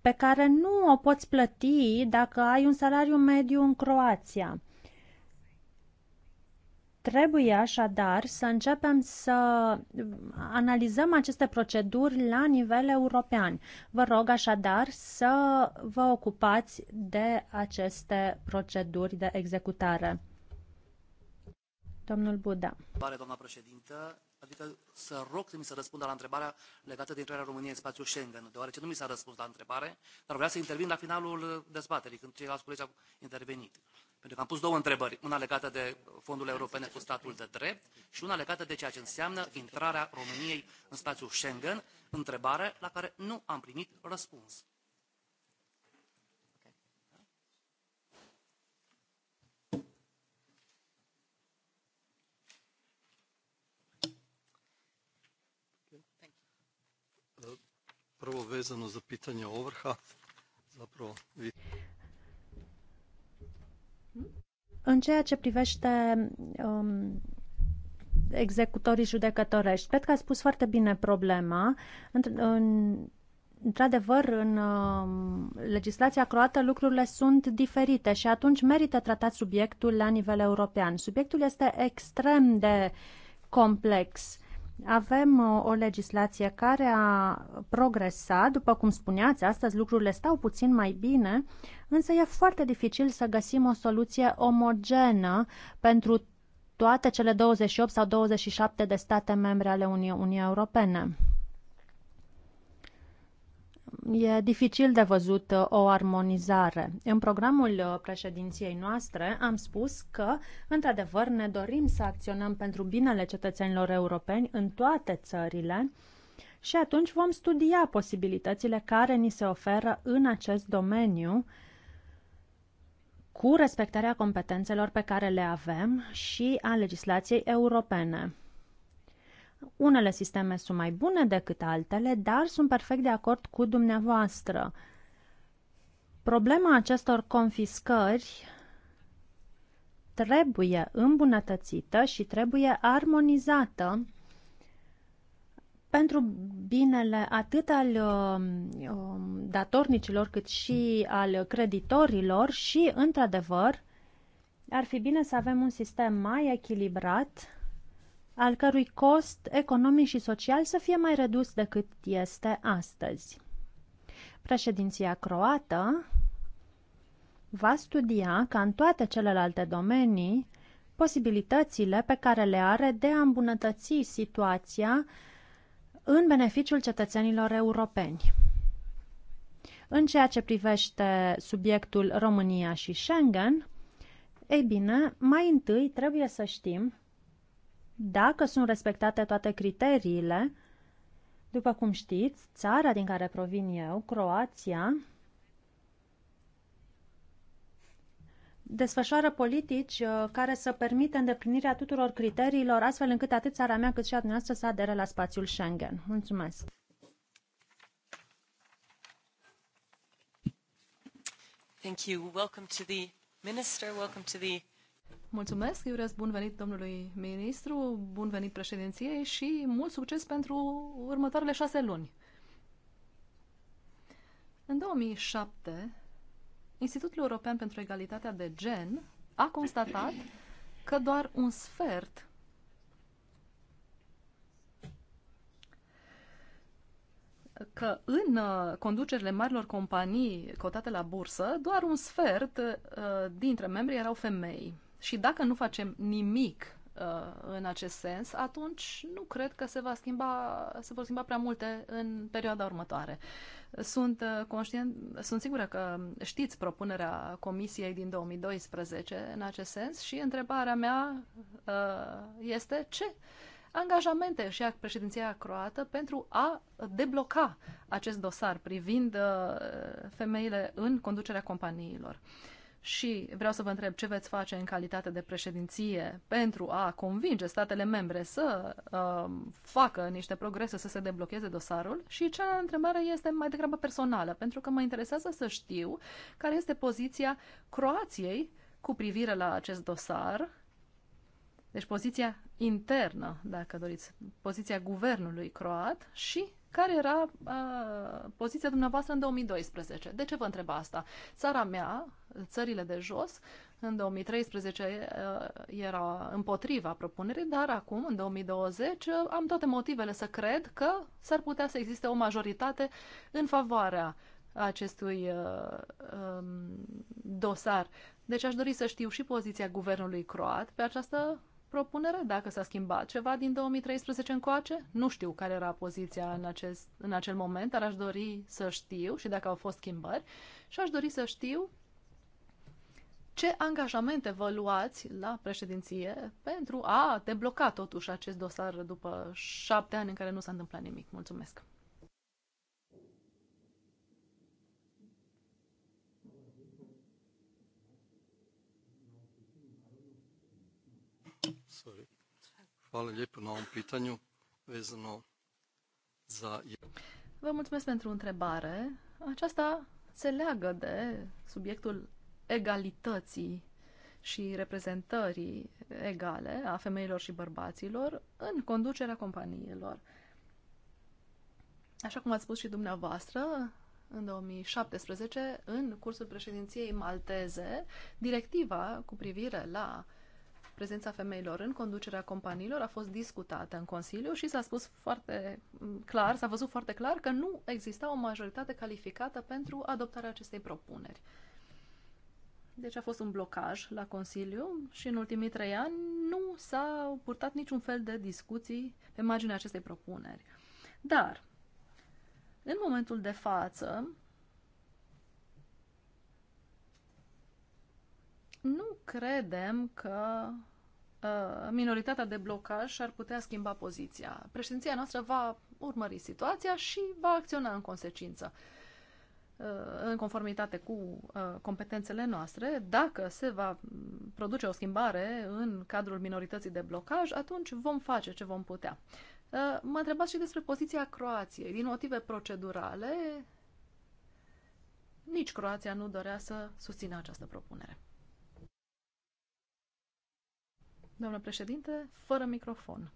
pe care nu o poți plăti dacă ai un salariu mediu în Croația. Trebuie așadar să începem să analizăm aceste proceduri la nivel european. Vă rog așadar să vă ocupați de aceste proceduri de executare. Domnul Buda. Doamna președintă, adică să rog să mi se răspundă la întrebarea legată de intrarea României în spațiul Schengen, deoarece nu mi s-a răspuns la întrebare, dar vreau să intervin la finalul dezbaterii, când ceilalți colegi au intervenit. Pentru că am pus două întrebări, una legată de fondurile europene cu statul de drept și una legată de ceea ce înseamnă intrarea României în spațiul Schengen, întrebare la care nu am primit răspuns. Prvo vezano za pitanje ovrha, zapravo vi... În ceea ce privește um, executorii judecătorești, cred că a spus foarte bine problema. Într- în, într-adevăr, în um, legislația croată lucrurile sunt diferite și atunci merită tratat subiectul la nivel european. Subiectul este extrem de complex avem uh, o legislație care a progresat, după cum spuneați, astăzi lucrurile stau puțin mai bine, însă e foarte dificil să găsim o soluție omogenă pentru toate cele 28 sau 27 de state membre ale Uniunii Europene e dificil de văzut uh, o armonizare. În programul uh, președinției noastre am spus că, într-adevăr, ne dorim să acționăm pentru binele cetățenilor europeni în toate țările și atunci vom studia posibilitățile care ni se oferă în acest domeniu cu respectarea competențelor pe care le avem și a legislației europene. Unele sisteme sunt mai bune decât altele, dar sunt perfect de acord cu dumneavoastră. Problema acestor confiscări trebuie îmbunătățită și trebuie armonizată pentru binele atât al um, um, datornicilor cât și al creditorilor și, într-adevăr, ar fi bine să avem un sistem mai echilibrat al cărui cost economic și social să fie mai redus decât este astăzi. Președinția croată va studia, ca în toate celelalte domenii, posibilitățile pe care le are de a îmbunătăți situația în beneficiul cetățenilor europeni. În ceea ce privește subiectul România și Schengen, ei bine, mai întâi trebuie să știm dacă sunt respectate toate criteriile, după cum știți, țara din care provin eu, Croația, desfășoară politici uh, care să permită îndeplinirea tuturor criteriilor, astfel încât atât țara mea cât și a dumneavoastră să adere la spațiul Schengen. Mulțumesc! Thank you. Welcome to the minister. Welcome to the Mulțumesc, îi urez bun venit domnului ministru, bun venit președinției și mult succes pentru următoarele șase luni. În 2007, Institutul European pentru Egalitatea de Gen a constatat că doar un sfert că în uh, conducerile marilor companii cotate la bursă, doar un sfert uh, dintre membri erau femei. Și dacă nu facem nimic uh, în acest sens, atunci nu cred că se, va schimba, se vor schimba prea multe în perioada următoare. Sunt, uh, conștient, sunt sigură că știți propunerea Comisiei din 2012 în acest sens și întrebarea mea uh, este ce angajamente și a președinția croată pentru a debloca acest dosar privind femeile în conducerea companiilor și vreau să vă întreb ce veți face în calitate de președinție pentru a convinge statele membre să uh, facă niște progrese, să se deblocheze dosarul. Și cea întrebare este mai degrabă personală, pentru că mă interesează să știu care este poziția Croației cu privire la acest dosar. Deci poziția internă, dacă doriți, poziția guvernului croat și care era uh, poziția dumneavoastră în 2012? De ce vă întreb asta? Țara mea, țările de jos, în 2013 uh, era împotriva propunerii, dar acum, în 2020, uh, am toate motivele să cred că s-ar putea să existe o majoritate în favoarea acestui uh, um, dosar. Deci aș dori să știu și poziția guvernului croat pe această propunere, dacă s-a schimbat ceva din 2013 încoace. Nu știu care era poziția în, acest, în acel moment, dar aș dori să știu și dacă au fost schimbări și aș dori să știu ce angajamente vă luați la președinție pentru a debloca totuși acest dosar după șapte ani în care nu s-a întâmplat nimic. Mulțumesc! Hvala lijepo na ovom pitanju vezano za... Vă mulțumesc pentru întrebare. Aceasta se leagă de subiectul egalității și reprezentării egale a femeilor și bărbaților în conducerea companiilor. Așa cum ați spus și dumneavoastră, în 2017, în cursul președinției malteze, directiva cu privire la uh, prezența femeilor în conducerea companiilor a fost discutată în Consiliu și s-a spus foarte mm, clar, s-a văzut foarte clar că nu exista o majoritate calificată pentru adoptarea acestei propuneri. Deci a fost un blocaj la Consiliu și în ultimii trei ani nu s-au purtat niciun fel de discuții pe marginea acestei propuneri. Dar, în momentul de față, nu credem că Uh, minoritatea de blocaj ar putea schimba poziția. Președinția noastră va urmări situația și va acționa în consecință uh, în conformitate cu uh, competențele noastre, dacă se va produce o schimbare în cadrul minorității de blocaj, atunci vom face ce vom putea. Mă întrebați și despre poziția Croației. Din motive procedurale, nici Croația nu dorea să susțină această propunere. Doamnă președinte, fără microfon.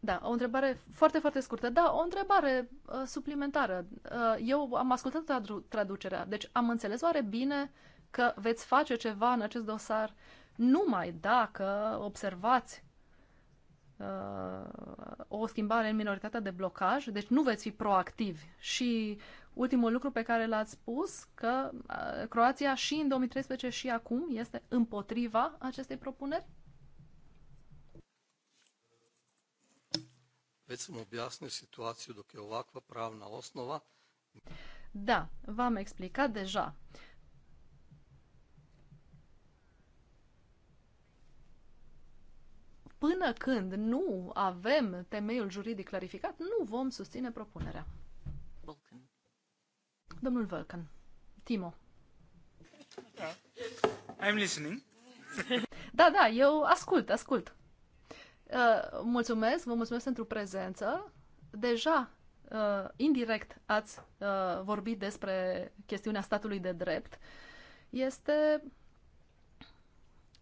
Da, o întrebare foarte, foarte scurtă. Da, o întrebare uh, suplimentară. Uh, eu am ascultat tradu- traducerea, deci am înțeles oare bine că veți face ceva în acest dosar numai dacă observați uh, o schimbare în minoritatea de blocaj, deci nu veți fi proactivi și ultimul lucru pe care l-ați spus, că Croația și în 2013 și acum este împotriva acestei propuneri? Već sam situația situaciju dok o ovakva pravna osnova. Da, v-am explicat deja. Până când nu avem temeiul juridic clarificat, nu vom susține propunerea. Balkan. Domnul Vulcan, Timo. I'm listening. da, da, eu ascult, ascult. Uh, mulțumesc, vă mulțumesc pentru prezență. Deja, uh, indirect, ați uh, vorbit despre chestiunea statului de drept. Este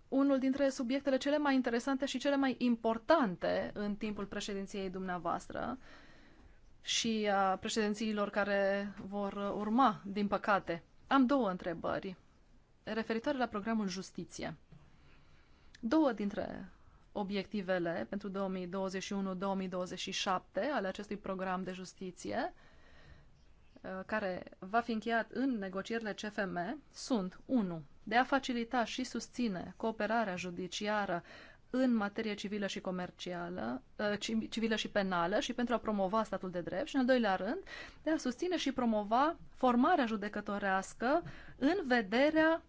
unul dintre subiectele cele mai interesante și cele mai importante în timpul președinției dumneavoastră. Uh, și a uh, președințiilor care vor urma, din păcate. Am două întrebări referitoare la programul Justiție. Două dintre obiectivele pentru 2021-2027 ale acestui program de justiție, uh, care va fi încheiat în negocierile CFM, sunt 1. De a facilita și susține cooperarea judiciară în materie civilă și comercială, uh, civilă și penală și pentru a promova statul de drept și, în al doilea rând, de a susține și promova formarea judecătorească în vederea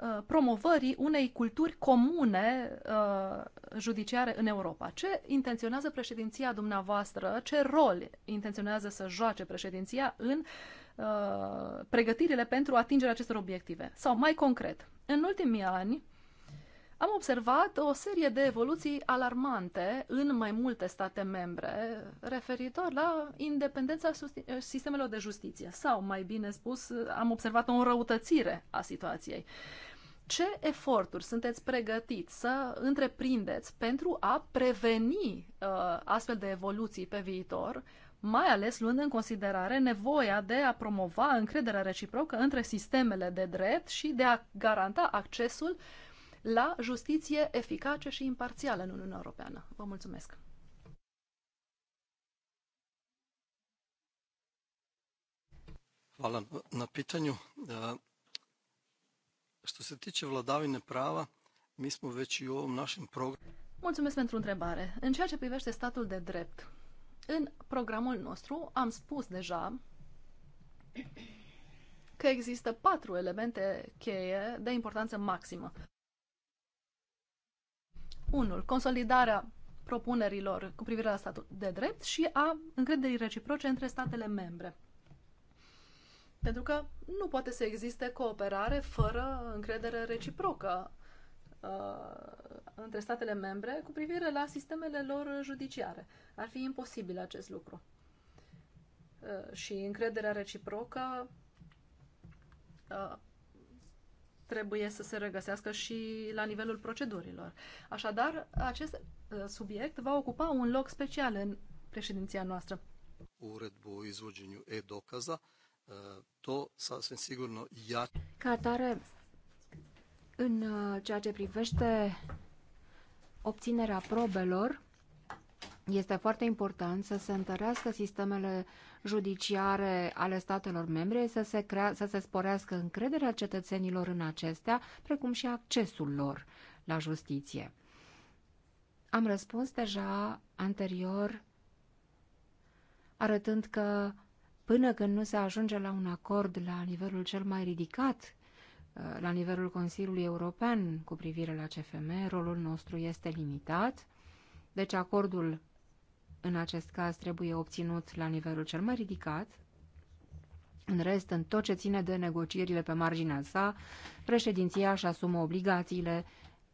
uh, promovării unei culturi comune uh, judiciare în Europa. Ce intenționează președinția dumneavoastră, ce rol intenționează să joace președinția în uh, pregătirile pentru atingerea acestor obiective? Sau mai concret, în ultimii ani, am observat o serie de evoluții alarmante în mai multe state membre referitor la independența eh, sistemelor de justiție sau, mai bine spus, am observat o înrăutățire a situației. Ce eforturi sunteți pregătiți să întreprindeți pentru a preveni uh, astfel de evoluții pe viitor, mai ales luând în considerare nevoia de a promova încrederea reciprocă între sistemele de drept și de a garanta accesul uh, la justiție eficace și imparțială în Uniunea Europeană. Vă mulțumesc! Hvala na pitanju. Što se tiče vladavine prava, mi smo već i u ovom našem programu... Mulțumesc pentru întrebare. În ceea ce privește statul de drept, în programul nostru am spus deja că există patru elemente cheie de importanță maximă. Unul, consolidarea propunerilor cu privire la statul de drept și a încrederii reciproce între statele membre. Pentru că nu poate să existe cooperare fără încredere reciprocă uh, între statele membre cu privire la sistemele lor judiciare. Ar fi imposibil acest lucru. Uh, și încrederea reciprocă uh, trebuie să se regăsească și la nivelul procedurilor. Așadar, acest uh, subiect va ocupa un loc special în președinția noastră. Uredbu o izvođenju e-dokaza, uh, to sasvim sigurno ja... Ca atare, în uh, ceea ce privește obținerea probelor, este foarte important să se întărească sistemele judiciare ale statelor membre să se, crea, să se sporească încrederea cetățenilor în acestea, precum și accesul lor la justiție. Am răspuns deja anterior arătând că până când nu se ajunge la un acord la nivelul cel mai ridicat, uh, la nivelul Consiliului European cu privire la CFM, rolul nostru este limitat, deci acordul în acest caz trebuie obținut la nivelul cel mai ridicat. În rest, în tot ce ține de negocierile pe marginea sa, președinția își asumă obligațiile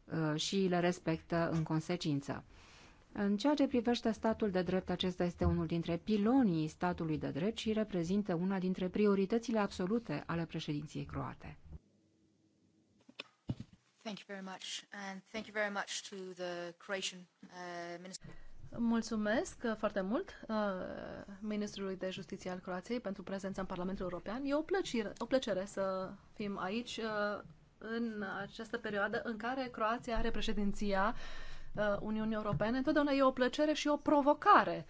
uh, și le respectă în consecință. În ceea ce privește statul de drept, acesta este unul dintre pilonii statului de drept și reprezintă una dintre prioritățile absolute ale președinției croate. Thank you very much and thank you very much to the Croatian uh, minister. Mulțumesc uh, foarte mult uh, Ministrului de Justiție al Croației pentru prezența în Parlamentul European. E o plăcere, o plăcere să fim aici uh, în această perioadă în care Croația are președinția uh, Uniunii Europene. Întotdeauna e o plăcere și o provocare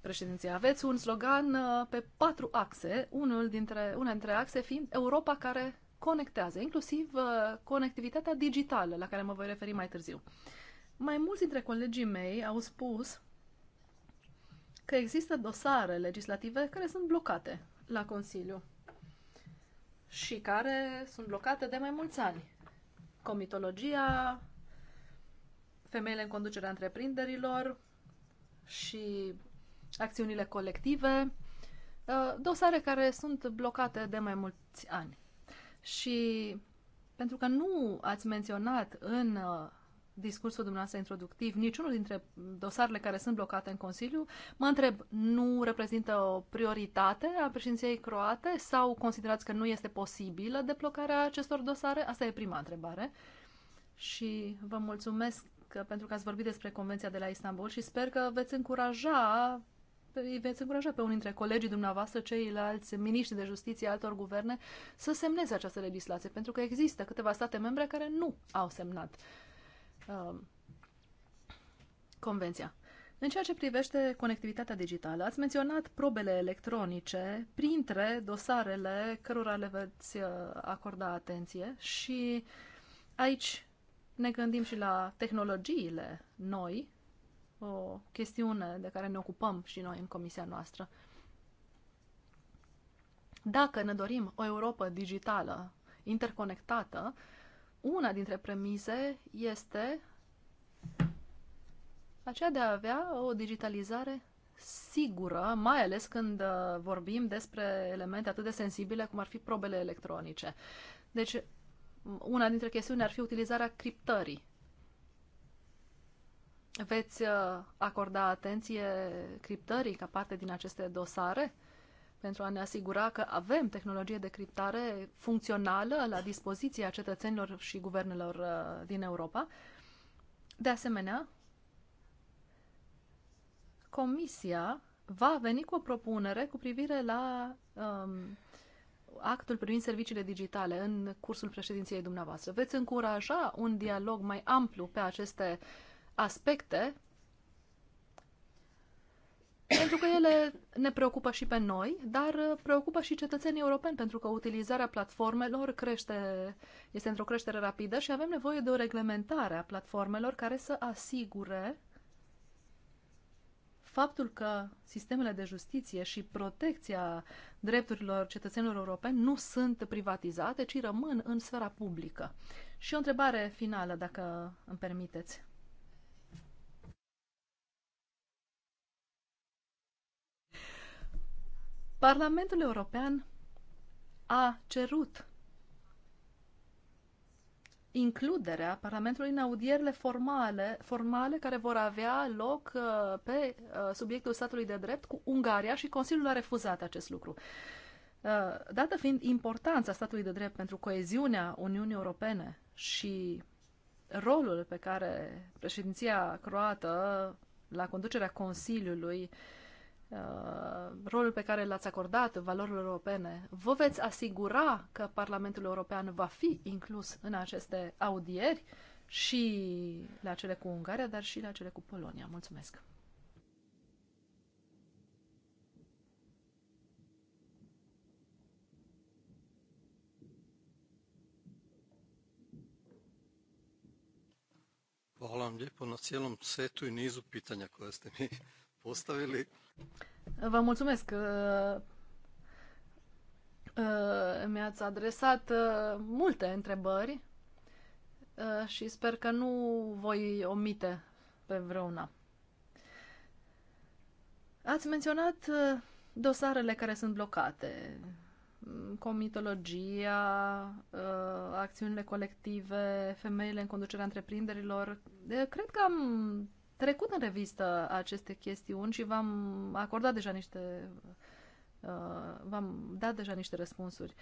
președinția. Aveți un slogan uh, pe patru axe, unul dintre, una dintre axe fiind Europa care conectează, inclusiv uh, conectivitatea digitală, la care mă voi referi mai târziu. Uh, mai mulți dintre colegii mei au spus că există dosare legislative care sunt blocate la Consiliu și care sunt blocate de mai mulți ani. Comitologia, femeile în conducerea întreprinderilor și acțiunile colective, ă, dosare care sunt blocate de mai mulți ani. Și pentru că nu ați menționat în ă, discursul dumneavoastră introductiv, niciunul dintre dosarele care sunt blocate în Consiliu, mă întreb, nu reprezintă o prioritate a președinției croate sau considerați că nu este posibilă deblocarea acestor dosare? Asta e prima întrebare. Și vă mulțumesc că, pentru că ați vorbit despre Convenția de la Istanbul și sper că veți încuraja veți încuraja pe unul dintre colegii dumneavoastră, ceilalți miniștri de justiție, altor guverne, să semneze această legislație, pentru că există câteva state membre care nu au semnat. Um, convenția. În ceea ce privește conectivitatea digitală, ați menționat probele electronice printre dosarele cărora le veți uh, acorda atenție și aici ne gândim și la tehnologiile noi, o chestiune de care ne ocupăm și noi în comisia noastră. Dacă ne dorim o Europa digitală, interconectată, uh, una dintre premise este aceea de a avea o digitalizare sigură, mai ales când uh, vorbim despre elemente atât de sensibile cum ar fi probele electronice. Deci, una dintre chestiuni ar fi utilizarea criptării. Veți uh, acorda atenție criptării ca parte din aceste dosare? pentru a ne asigura că avem tehnologie de criptare funcțională la dispoziția cetățenilor și guvernelor uh, din Europa. De asemenea, Comisia va veni cu o propunere cu privire la um, actul privind serviciile digitale în cursul președinției dumneavoastră. Veți încuraja un dialog mai amplu pe aceste aspecte pentru că ele ne preocupă și pe noi, dar uh, preocupă și cetățenii europeni, pentru că utilizarea platformelor crește, este într-o creștere rapidă și avem nevoie de o reglementare a platformelor care să asigure faptul că sistemele de justiție și protecția drepturilor cetățenilor europeni nu sunt privatizate, ci rămân în sfera publică. Și o întrebare finală, dacă îmi permiteți. Parlamentul European a cerut includerea Parlamentului în audierile formale, formale care vor avea loc uh, pe uh, subiectul statului de drept cu Ungaria și Consiliul a refuzat acest lucru. Uh, dată fiind importanța statului de drept pentru coeziunea Uniunii Europene și rolul pe care președinția croată la conducerea Consiliului uh, Uh, rolul pe care l-ați acordat valorilor europene, vă veți asigura că Parlamentul European va fi inclus în aceste audieri și la cele cu Ungaria, dar și la cele cu Polonia. Mulțumesc! Hvala vam lijepo na cijelom setu i nizu pitanja koje ste mi postavili. Vam mulțumesc că uh, uh, mi-ați adresat uh, multe întrebări și sper că nu voi omite pe vreuna. Ați menționat dosarele care sunt blocate, comitologia, acțiunile colective, femeile în conducerea întreprinderilor. Cred că am trecut în revistă aceste chestiuni și v-am acordat deja niște uh, v-am dat deja niște răspunsuri.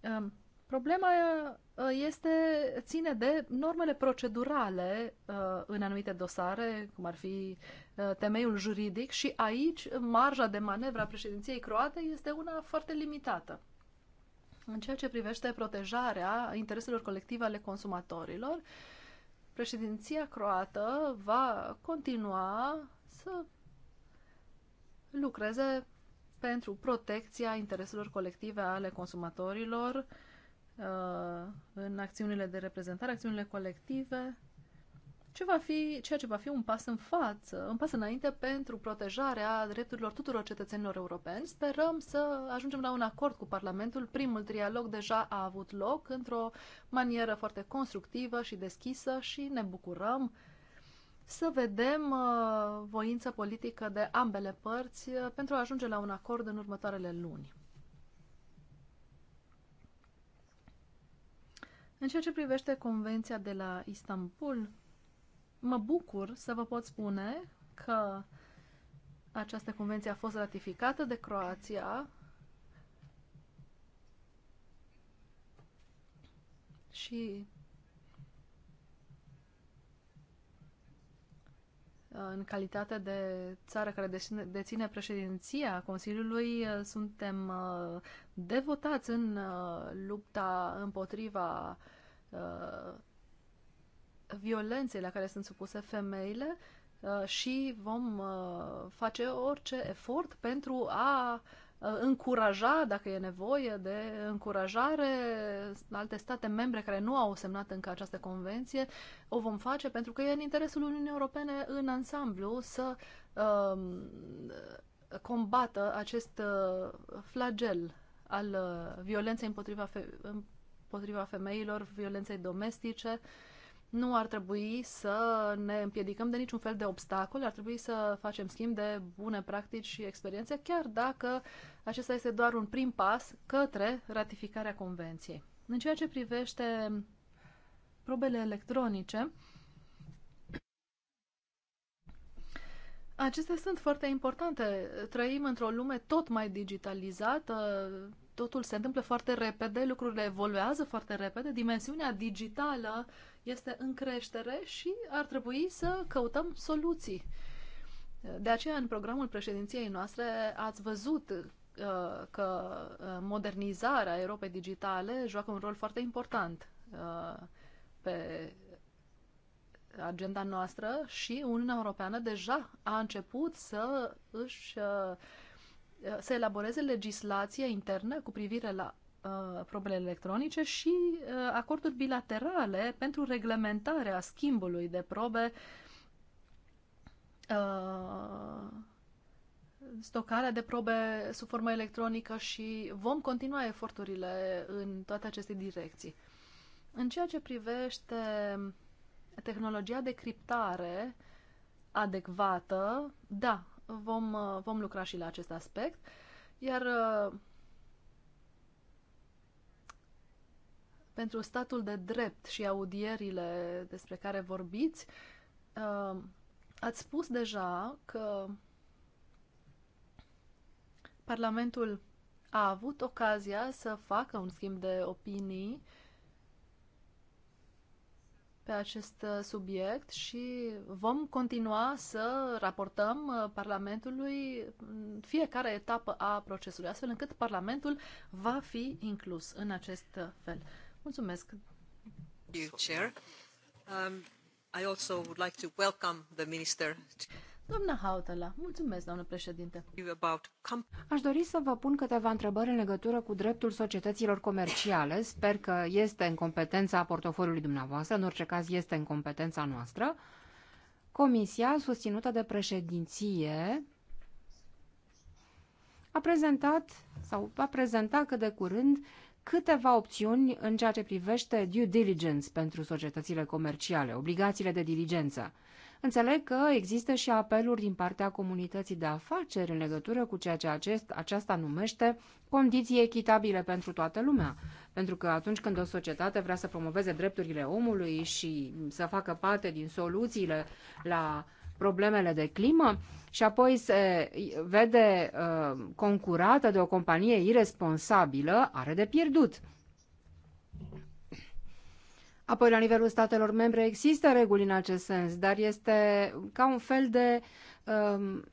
Um, problema uh, este, ține de normele procedurale uh, în anumite dosare, cum ar fi temeiul juridic și aici marja de manevră a președinției croate este una foarte limitată. În ceea ce privește protejarea intereselor colective ale consumatorilor, uh, Președinția croată va continua să lucreze pentru protecția intereselor colective ale consumatorilor uh, în acțiunile de reprezentare, acțiunile colective ce va fi, ceea ce va fi un pas în față, un pas înainte pentru protejarea drepturilor tuturor cetățenilor europeni. Sperăm să ajungem la un acord cu Parlamentul. Primul trialog deja a avut loc într-o manieră foarte constructivă și deschisă și ne bucurăm să vedem uh, voință politică de ambele părți uh, pentru a ajunge la un acord în următoarele luni. În ceea ce privește Convenția de la Istanbul, Mă bucur să vă pot spune că această convenție a fost ratificată de Croația și în calitate de țară care deține președinția Consiliului, suntem uh, devotați în uh, lupta împotriva uh, violenței la care sunt supuse femeile uh, și vom uh, face orice efort pentru a uh, încuraja, dacă e nevoie de încurajare, alte state membre care nu au semnat încă această convenție, o vom face pentru că e în interesul Uniunii Europene în ansamblu să um, combată acest flagel al violenței împotriva, fe- împotriva femeilor, violenței domestice, uh, nu ar trebui să ne împiedicăm de niciun fel de obstacol, ar trebui să facem schimb de bune practici și experiențe, chiar dacă acesta este doar un prim pas către ratificarea convenției. În ceea ce privește probele electronice, acestea sunt foarte importante. Trăim într-o lume tot mai digitalizată, totul se întâmplă foarte repede, lucrurile evoluează foarte repede, dimensiunea digitală uh, este în creștere și ar trebui să căutăm soluții. De aceea, în programul președinției noastre, ați văzut uh, că uh, modernizarea Europei digitale joacă un rol foarte important uh, pe agenda noastră și Uniunea Europeană deja a început să își să elaboreze legislație internă cu privire la Uh, probele electronice și uh, acorduri bilaterale pentru reglementarea schimbului de probe, uh, stocarea de probe sub formă electronică și vom continua eforturile în toate aceste direcții. În ceea ce privește tehnologia de criptare adecvată, da, vom, vom lucra și la acest aspect, iar pentru statul de drept și audierile despre care vorbiți, uh, ați spus deja că Parlamentul a avut ocazia să facă un schimb de opinii pe acest uh, subiect și vom continua să raportăm uh, Parlamentului fiecare etapă a procesului, astfel încât Parlamentul va fi inclus în acest fel. Mulțumesc. Chair. Um, I also would like to welcome the minister. Doamna Hautala, mulțumesc, doamnă președinte. Aș dori să vă pun câteva întrebări în legătură cu dreptul societăților comerciale. Sper că este în competența portofoliului dumneavoastră, în orice caz este în competența noastră. Comisia, susținută de președinție, a prezentat sau va prezenta cât de curând câteva opțiuni în ceea ce privește due diligence pentru societățile comerciale, obligațiile de diligență. Înțeleg că există și apeluri din partea comunității de afaceri în legătură cu ceea ce acest, aceasta numește condiții echitabile pentru toată lumea. Pentru că atunci când o societate vrea să promoveze drepturile omului și să facă parte din soluțiile la uh, problemele de climă și apoi se vede uh, concurată de o companie irresponsabilă, are de pierdut. Apoi, la nivelul statelor membre, există reguli în acest sens, dar este ca un fel de um,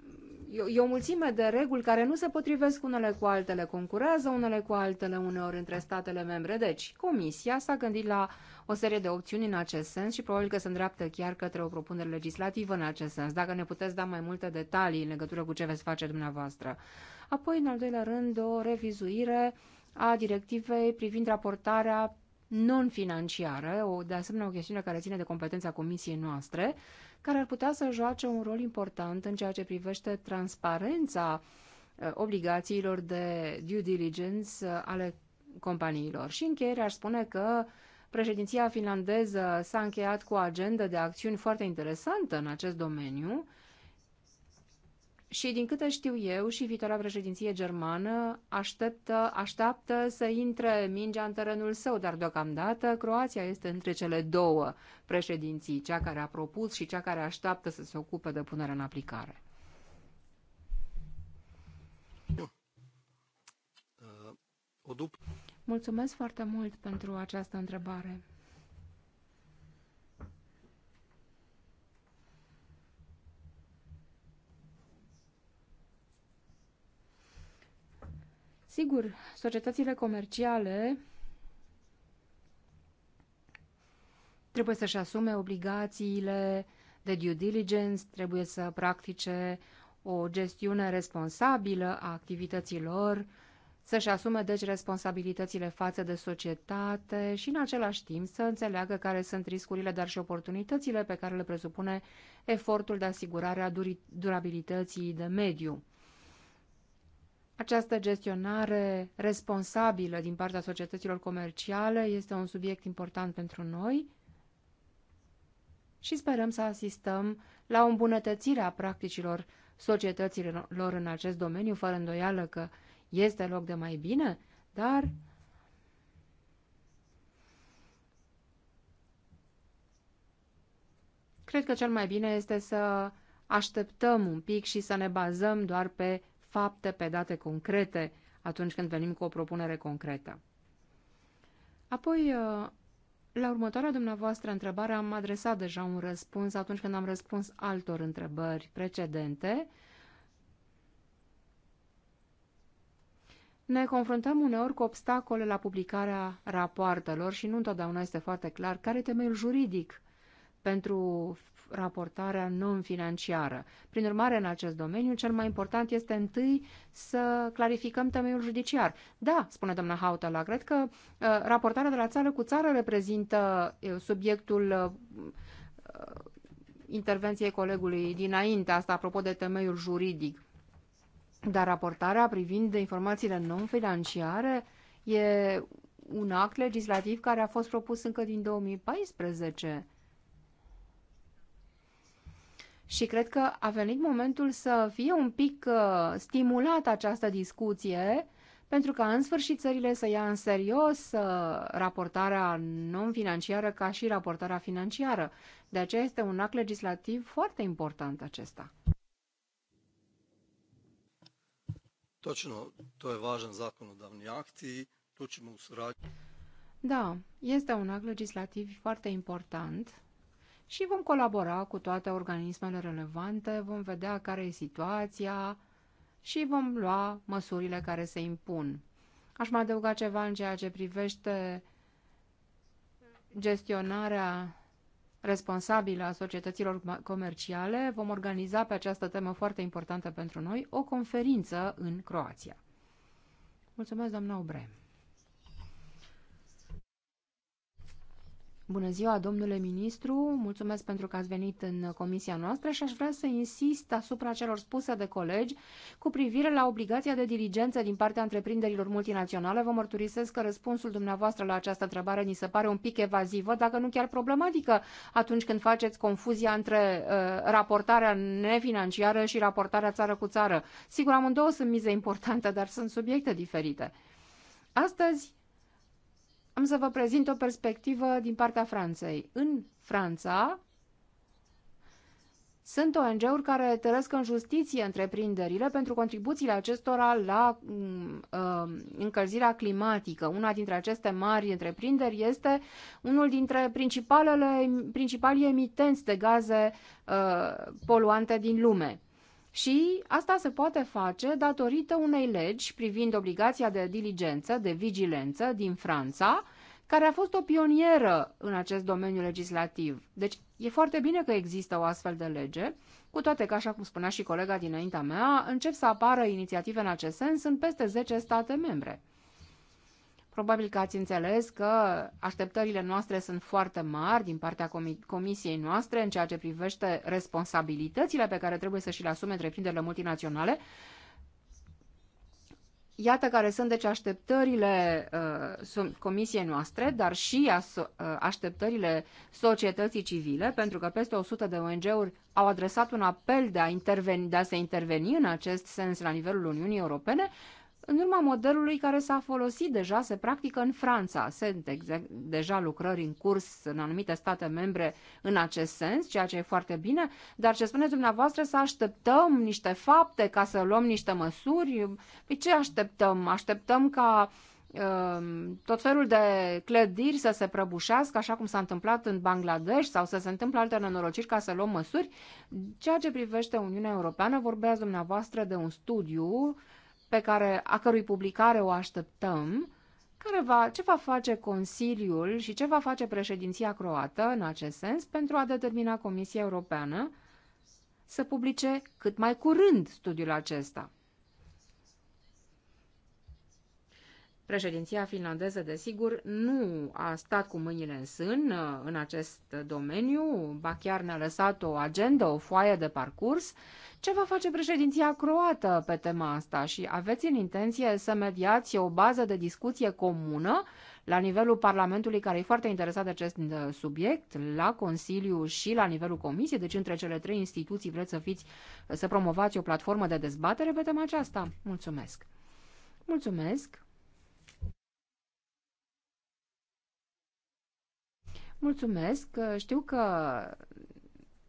e o mulțime de reguli care nu se potrivesc unele cu altele, concurează unele cu altele uneori între statele membre. Deci, Comisia s-a gândit la o serie de opțiuni în acest sens și probabil că se îndreaptă chiar către o propunere legislativă în acest sens. Dacă ne puteți da mai multe detalii în legătură cu ce veți face dumneavoastră. Apoi, în al doilea rând, o revizuire a directivei privind raportarea non-financiară, o, de asemenea o chestiune care ține de competența comisiei noastre, care ar putea să joace un rol important în ceea ce privește transparența eh, obligațiilor de due diligence eh, ale companiilor. Și încheierea aș spune că președinția finlandeză s-a încheiat cu o agendă de acțiuni foarte interesantă în acest domeniu, și din câte știu eu și viitoarea președinție germană așteptă, așteaptă să intre mingea în terenul său, dar deocamdată Croația este între cele două președinții, cea care a propus și cea care așteaptă să se ocupe de punerea în aplicare. Uh, Mulțumesc foarte mult pentru această întrebare. Sigur, societățile comerciale trebuie să-și asume obligațiile de due diligence, trebuie să practice o gestiune responsabilă a activităților, să-și asume deci responsabilitățile față de societate și în același timp să înțeleagă care sunt riscurile, dar și oportunitățile pe care le presupune efortul de asigurare a durabilității de mediu. Această gestionare responsabilă din partea societăților comerciale este un subiect important pentru noi și sperăm să asistăm la o îmbunătățire a practicilor societăților în acest domeniu, fără îndoială că este loc de mai bine, dar cred că cel mai bine este să așteptăm un pic și să ne bazăm doar pe fapte, pe date concrete, atunci când venim cu o propunere concretă. Apoi, uh, la următoarea dumneavoastră întrebare am adresat deja un răspuns atunci când am răspuns altor întrebări precedente. Ne confruntăm uneori cu obstacole la publicarea rapoartelor și nu întotdeauna este foarte clar care e temeiul juridic pentru raportarea non-financiară. Prin urmare, în acest domeniu, cel mai important este întâi să clarificăm temeiul judiciar. Da, spune doamna Hautala, cred că uh, raportarea de la țară cu țară reprezintă uh, subiectul uh, uh intervenției colegului dinainte, asta apropo de temeiul juridic. Dar raportarea privind informațiile non-financiare e un act legislativ care a fost propus încă din 2014 și cred că a venit momentul să fie un pic uh, stimulată această discuție, pentru ca în sfârșit țările să ia în serios uh, raportarea non-financiară ca și raportarea financiară. De aceea este un act legislativ foarte important acesta. Da, este un act legislativ foarte important și vom colabora cu toate organismele relevante, vom vedea care e situația și vom lua măsurile care se impun. Aș mai adăuga ceva în ceea ce privește gestionarea responsabilă a societăților comerciale, vom organiza pe această temă foarte importantă pentru noi o conferință în Croația. Mulțumesc, doamna Obrem. Bună ziua, domnule ministru, mulțumesc pentru că ați venit în comisia noastră și aș vrea să insist asupra celor spuse de colegi cu privire la obligația de diligență din partea întreprinderilor multinaționale. Vă mărturisesc că răspunsul dumneavoastră la această întrebare ni se pare un pic evazivă, dacă nu chiar problematică, atunci când faceți confuzia între uh, raportarea nefinanciară și raportarea țară cu țară. Sigur, amândouă sunt mize importante, dar sunt subiecte diferite. Astăzi, am să vă prezint o perspectivă din partea Franței. În Franța sunt ONG-uri care tărăsc în justiție întreprinderile pentru contribuțiile acestora la mm, uh, încălzirea climatică. Una dintre aceste mari întreprinderi este unul dintre principalele, principalii emitenți de gaze uh, poluante din lume. Și asta se poate face datorită unei legi privind obligația de diligență, de vigilență din Franța, care a fost o pionieră în acest domeniu legislativ. Deci e foarte bine că există o astfel de lege, cu toate că, așa cum spunea și colega dinaintea mea, încep să apară inițiative în acest sens în peste 10 state membre. Probabil că ați înțeles că așteptările noastre sunt foarte mari din partea comisiei noastre în ceea ce privește responsabilitățile pe care trebuie să și le asume întreprinderile multinaționale. Iată care sunt deci așteptările uh, comisiei noastre, dar și uh, așteptările societății civile, pentru că peste 100 de ONG-uri au adresat un apel de a, interveni, de a se interveni în acest sens la nivelul Uniunii Europene, uh, în urma modelului care s-a folosit deja, se practică în Franța. Sunt deja lucrări în curs în anumite state membre în acest sens, ceea ce e foarte bine, dar ce spuneți dumneavoastră, să așteptăm niște fapte ca să luăm niște măsuri? Pe păi ce așteptăm? Așteptăm ca um, tot felul de clădiri să se prăbușească, așa cum s-a întâmplat în Bangladesh sau să se întâmple alte nenorociri ca să luăm măsuri. Ceea ce privește Uniunea Europeană, vorbeați dumneavoastră de un studiu pe care, a cărui publicare o așteptăm, care va, ce va face Consiliul și ce va face președinția croată în acest sens pentru a determina Comisia Europeană să publice cât mai curând studiul acesta. Președinția finlandeză, desigur, nu a stat cu mâinile în sân uh, în acest domeniu, ba chiar ne-a lăsat o agendă, o foaie de parcurs. Ce va face președinția croată pe tema asta și aveți în intenție să mediați o bază de discuție comună la nivelul Parlamentului, care e foarte interesat de acest uh, subiect, la Consiliu și la nivelul Comisiei, deci între cele trei instituții vreți să, fiți, să promovați o platformă de dezbatere pe tema aceasta? Mulțumesc! Mulțumesc! Mulțumesc. Știu că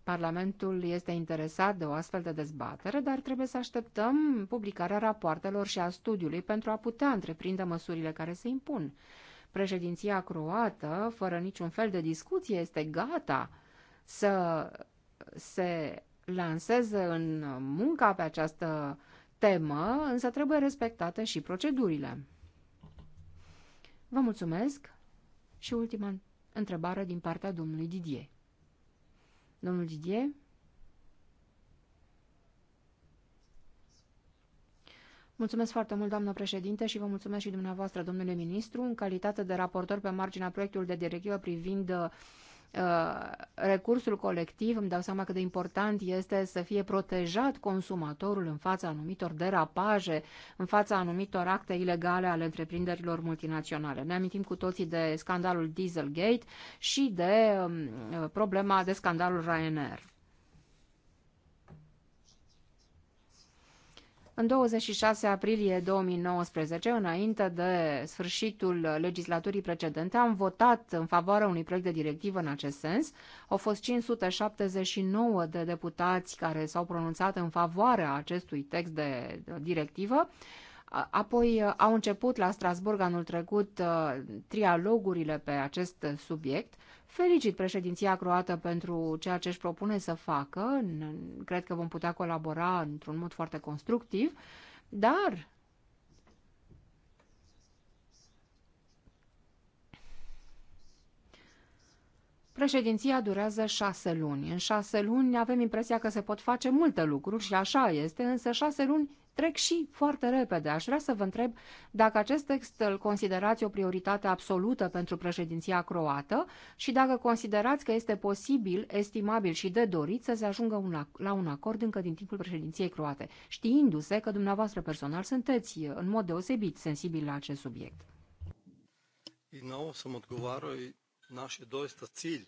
Parlamentul este interesat de o astfel de dezbatere, dar trebuie să așteptăm publicarea rapoartelor și a studiului pentru a putea întreprinde măsurile care se impun. Președinția croată, fără niciun fel de discuție, este gata să se lanseze în munca pe această temă, însă trebuie respectate și procedurile. Vă mulțumesc și ultima întrebare din partea domnului Didier. Domnul Didier? Mulțumesc foarte mult, doamnă președinte, și vă mulțumesc și dumneavoastră, domnule ministru, în calitate de raportor pe marginea proiectului de directivă privind uh, Uh, recursul colectiv, îmi dau seama cât de important este să fie protejat consumatorul în fața anumitor derapaje, în fața anumitor acte ilegale ale întreprinderilor multinaționale. Ne amintim cu toții de scandalul Dieselgate și de um, uh, problema de scandalul Ryanair. În 26 aprilie 2019, înainte de sfârșitul legislaturii precedente, am votat în favoarea unui proiect de directivă în acest sens. Au fost 579 de deputați care s-au pronunțat în favoarea acestui text de directivă. Apoi uh, au început la Strasburg anul trecut uh, trialogurile pe acest subiect Felicit președinția croată pentru ceea ce își propune să facă. Cred că vom putea colabora într-un mod foarte constructiv, dar Președinția durează șase luni. În șase luni avem impresia că se pot face multe lucruri și așa este, însă șase luni trec și foarte repede. Aș vrea să vă întreb dacă acest text îl considerați o prioritate absolută pentru președinția croată și dacă considerați că este posibil, estimabil și de dorit să se ajungă un, la un acord încă din timpul președinției croate, știindu-se că dumneavoastră personal sunteți uh, în mod deosebit sensibil la acest subiect. Din nou să mă naš doista cilj.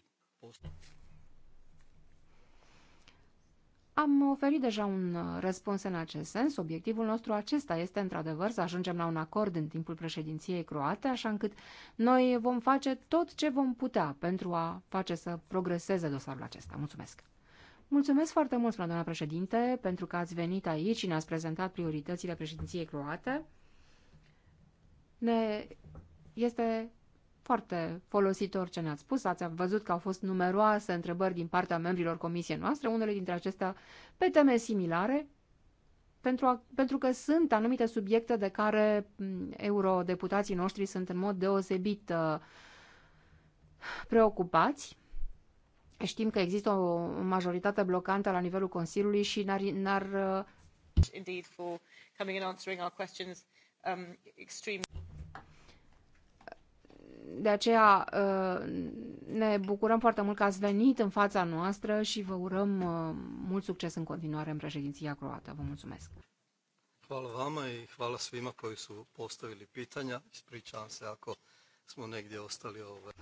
Am oferit deja un uh, răspuns în acest sens. Obiectivul nostru acesta este, într-adevăr, să ajungem la un acord în timpul președinției croate, așa încât noi vom face tot ce vom putea pentru a face să progreseze dosarul acesta. Mulțumesc! Mulțumesc foarte mult, doamna președinte, pentru că ați venit aici și ne-ați prezentat prioritățile președinției croate. Ne este foarte folositor ce ne-ați spus. Ați văzut că au fost numeroase întrebări din partea membrilor comisiei noastre, unele dintre acestea pe teme similare, pentru, a, pentru că sunt anumite subiecte de care eurodeputații noștri sunt în mod deosebit uh, preocupați. Știm că există o majoritate blocantă la nivelul Consiliului și n-ar... n-ar de aceea uh, ne bucurăm foarte mult că ați venit în fața noastră și vă urăm uh, mult succes în continuare în președinția croată. Vă mulțumesc! Hvala vama i hvala svima koji su postavili pitanja. Ispričavam se ako smo negdje ostali ovaj.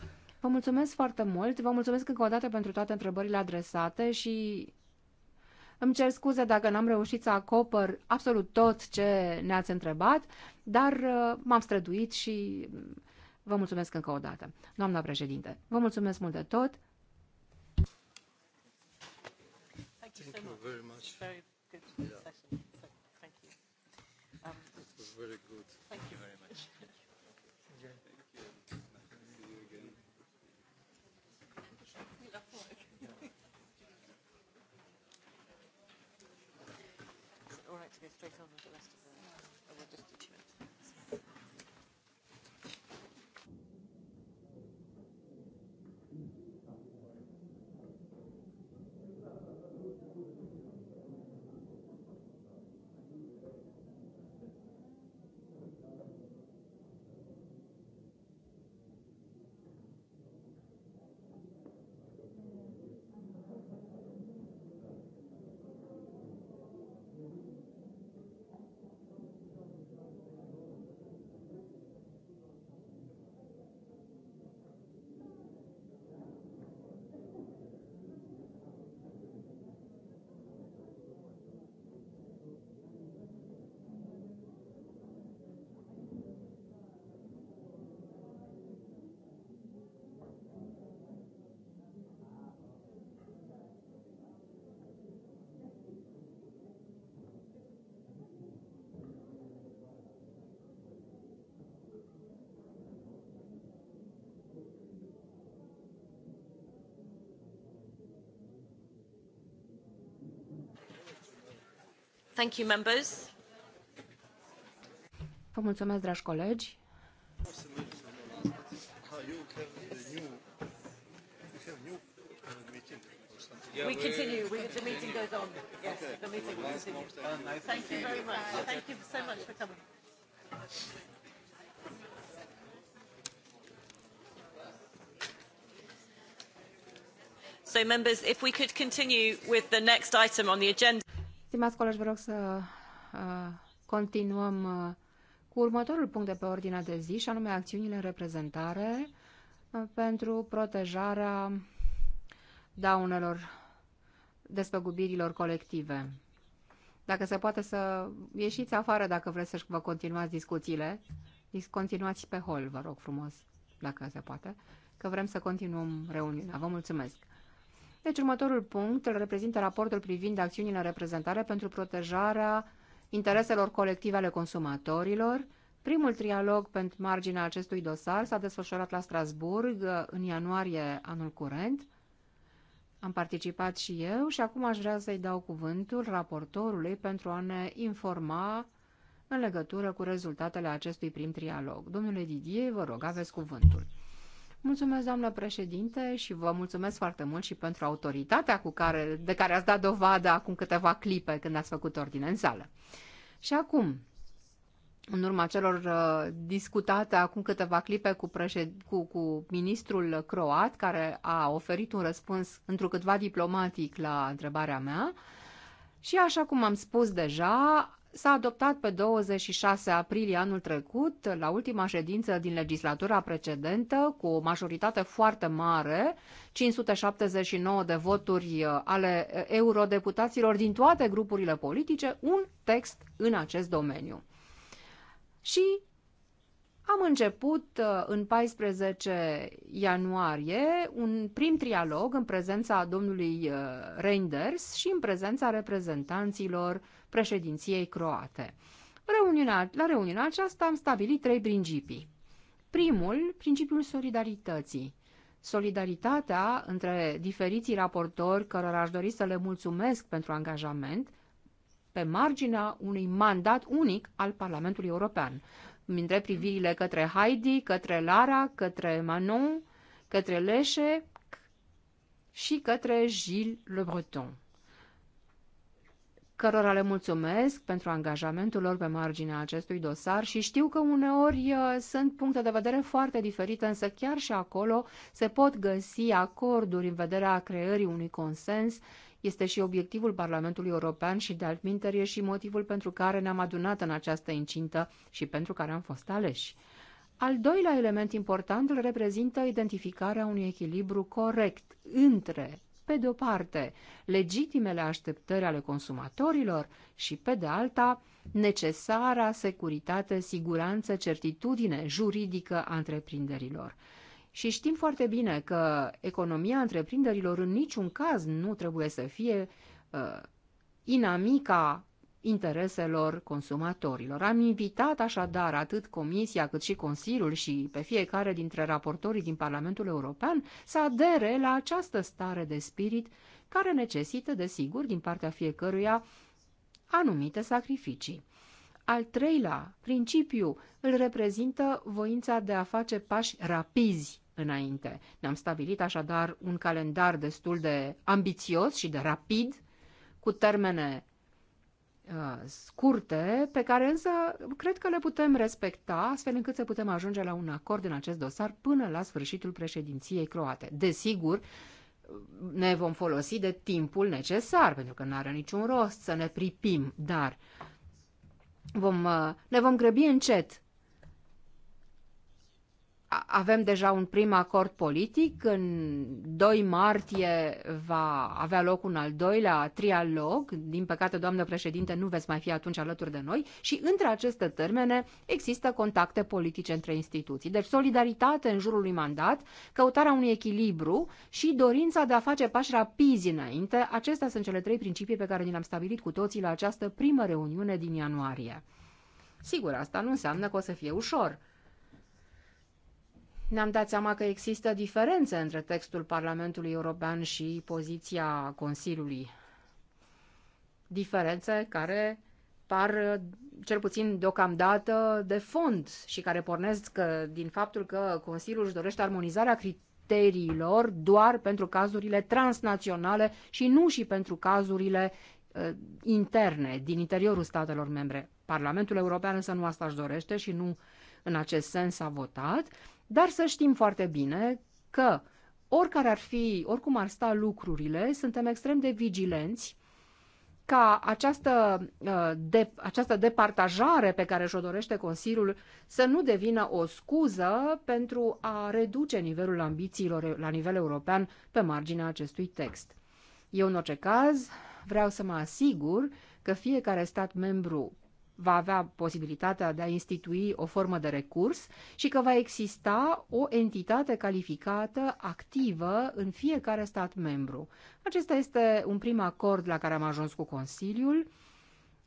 Vă mulțumesc foarte mult, vă mulțumesc încă o dată pentru toate întrebările adresate și îmi cer scuze dacă n-am reușit să acopăr absolut tot ce ne-ați întrebat, dar uh, m-am străduit și Vă mulțumesc încă o dată. Doamna președinte, vă mulțumesc mult de tot. Thank you very much. Very good session. thank you. Um, it was very good. Thank you very much. all right to go straight on? Thank you, members. Vă mulțumesc, dragi colegi. We continue. We, the meeting goes on. Yes, okay. the meeting will continue. Thank you very much. Thank you so much for coming. So, members, if we could continue with the next item on the agenda. Stimați colegi, vă rog să uh, continuăm uh, cu următorul punct de pe ordinea de zi, și anume acțiunile în reprezentare uh, pentru protejarea daunelor despăgubirilor colective. Dacă se poate să ieșiți afară dacă vreți să vă continuați discuțiile, continuați pe hol, vă rog frumos, dacă se poate, că vrem să continuăm reuniunea. Vă mulțumesc! Deci următorul punct îl reprezintă raportul privind acțiunile în reprezentare pentru protejarea intereselor colective ale consumatorilor. Primul trialog pentru marginea acestui dosar s-a desfășurat la Strasburg uh, în ianuarie anul curent. Am participat și eu și acum aș vrea să-i dau cuvântul raportorului pentru a ne informa în legătură cu rezultatele acestui prim trialog. Domnule Didier, vă rog, aveți cuvântul. Mulțumesc, doamnă președinte, și vă mulțumesc foarte mult și pentru autoritatea cu care, de care ați dat dovadă acum câteva clipe când ați făcut ordine în sală. Și acum, în urma celor uh, discutate acum câteva clipe cu, președ... cu, cu ministrul croat, care a oferit un răspuns întrucâtva diplomatic la întrebarea mea, și așa cum am spus deja, s-a adoptat pe 26 aprilie anul trecut, la ultima ședință din legislatura precedentă, cu o majoritate foarte mare, 579 de voturi uh, ale uh, eurodeputaților din toate grupurile politice, un text în acest domeniu. Și am început uh, în 14 ianuarie un prim trialog în prezența domnului Reinders și în prezența reprezentanților uh, președinției croate. Reuniunea, la reuniunea aceasta am stabilit trei principii. Primul, principiul solidarității. Solidaritatea între diferiții raportori cărora aș dori să le mulțumesc pentru angajament pe marginea unui mandat unic al Parlamentului European. Între privirile către Heidi, către Lara, către Manon, către Leșe și către Gilles Le Breton cărora le mulțumesc pentru angajamentul lor pe marginea acestui dosar și știu că uneori uh, sunt puncte de vedere foarte diferite, însă chiar și acolo se pot găsi acorduri în vederea creării unui consens. Este și obiectivul Parlamentului European și de altminteri e și motivul pentru care ne-am adunat în această incintă și pentru care am fost aleși. Al doilea element important îl reprezintă identificarea unui echilibru corect între pe de o parte, legitimele așteptări ale consumatorilor și, pe de alta, necesara securitate, siguranță, certitudine juridică a întreprinderilor. Și știm foarte bine că economia întreprinderilor în niciun caz nu trebuie să fie uh, inamica intereselor consumatorilor. Am invitat așadar atât Comisia cât și Consiliul și pe fiecare dintre raportorii din Parlamentul European să adere la această stare de spirit care necesită, desigur, din partea fiecăruia anumite sacrificii. Al treilea principiu îl reprezintă voința de a face pași rapizi înainte. Ne-am stabilit așadar un calendar destul de ambițios și de rapid, cu termene Uh, scurte, pe care însă cred că le putem respecta, astfel încât să putem ajunge la un acord în acest dosar până la sfârșitul președinției croate. Desigur, ne vom folosi de timpul necesar, pentru că nu are niciun rost să ne pripim, dar vom, uh, ne vom grăbi încet avem deja un prim acord politic, în 2 martie va avea loc un al doilea trialog, din păcate, doamnă președinte, nu veți mai fi atunci alături de noi și între aceste termene există contacte politice între instituții. Deci solidaritate în jurul lui mandat, căutarea unui echilibru și dorința de a face pași rapizi înainte, acestea sunt cele trei principii pe care ni le-am stabilit cu toții la această primă reuniune din ianuarie. Sigur, asta nu înseamnă că o să fie ușor – ne-am dat seama că există diferențe între textul Parlamentului European și poziția Consiliului. Diferențe care par, cel puțin deocamdată, de fond și care pornesc că, din faptul că Consiliul își dorește armonizarea criteriilor doar pentru cazurile transnaționale și nu și pentru cazurile uh, interne, din interiorul statelor membre. Parlamentul European însă nu asta își dorește și nu în acest sens a votat, dar să știm foarte bine că oricare ar fi, oricum ar sta lucrurile, suntem extrem de vigilenți ca această, uh, de, această departajare pe care și-o dorește Consiliul să nu devină o scuză pentru a reduce nivelul ambițiilor la nivel european pe marginea acestui text. Eu, în orice caz, vreau să mă asigur că fiecare stat membru va avea posibilitatea de a institui o formă de recurs și că va exista o entitate calificată activă în fiecare stat membru. Acesta este un prim acord la care am ajuns cu Consiliul.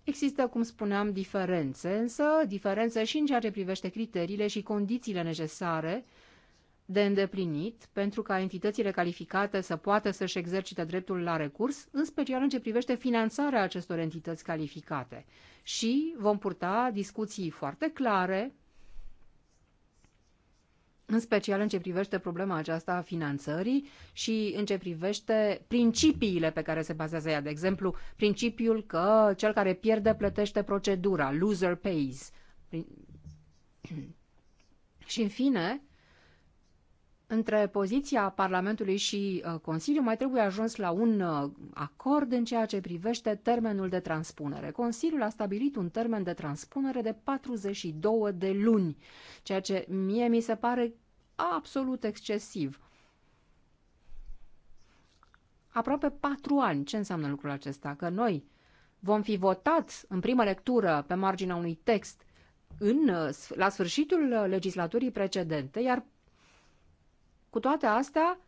Există, cum spuneam, diferențe, însă diferențe și în ceea ce privește criteriile și condițiile necesare de îndeplinit pentru ca entitățile calificate să poată să-și exercite dreptul la recurs, în special în ce privește finanțarea acestor entități calificate. Și vom purta discuții foarte clare, în special în ce privește problema aceasta a finanțării și în ce privește principiile pe care se bazează ea. De exemplu, principiul că cel care pierde plătește procedura, loser pays. Și în fine, între poziția Parlamentului și uh, Consiliu mai trebuie ajuns la un uh, acord în ceea ce privește termenul de transpunere. Consiliul a stabilit un termen de transpunere de 42 de luni, ceea ce mie mi se pare absolut excesiv. Aproape patru ani. Ce înseamnă lucrul acesta? Că noi vom fi votat în primă lectură pe marginea unui text în, uh, la sfârșitul legislaturii precedente, iar cu toate astea,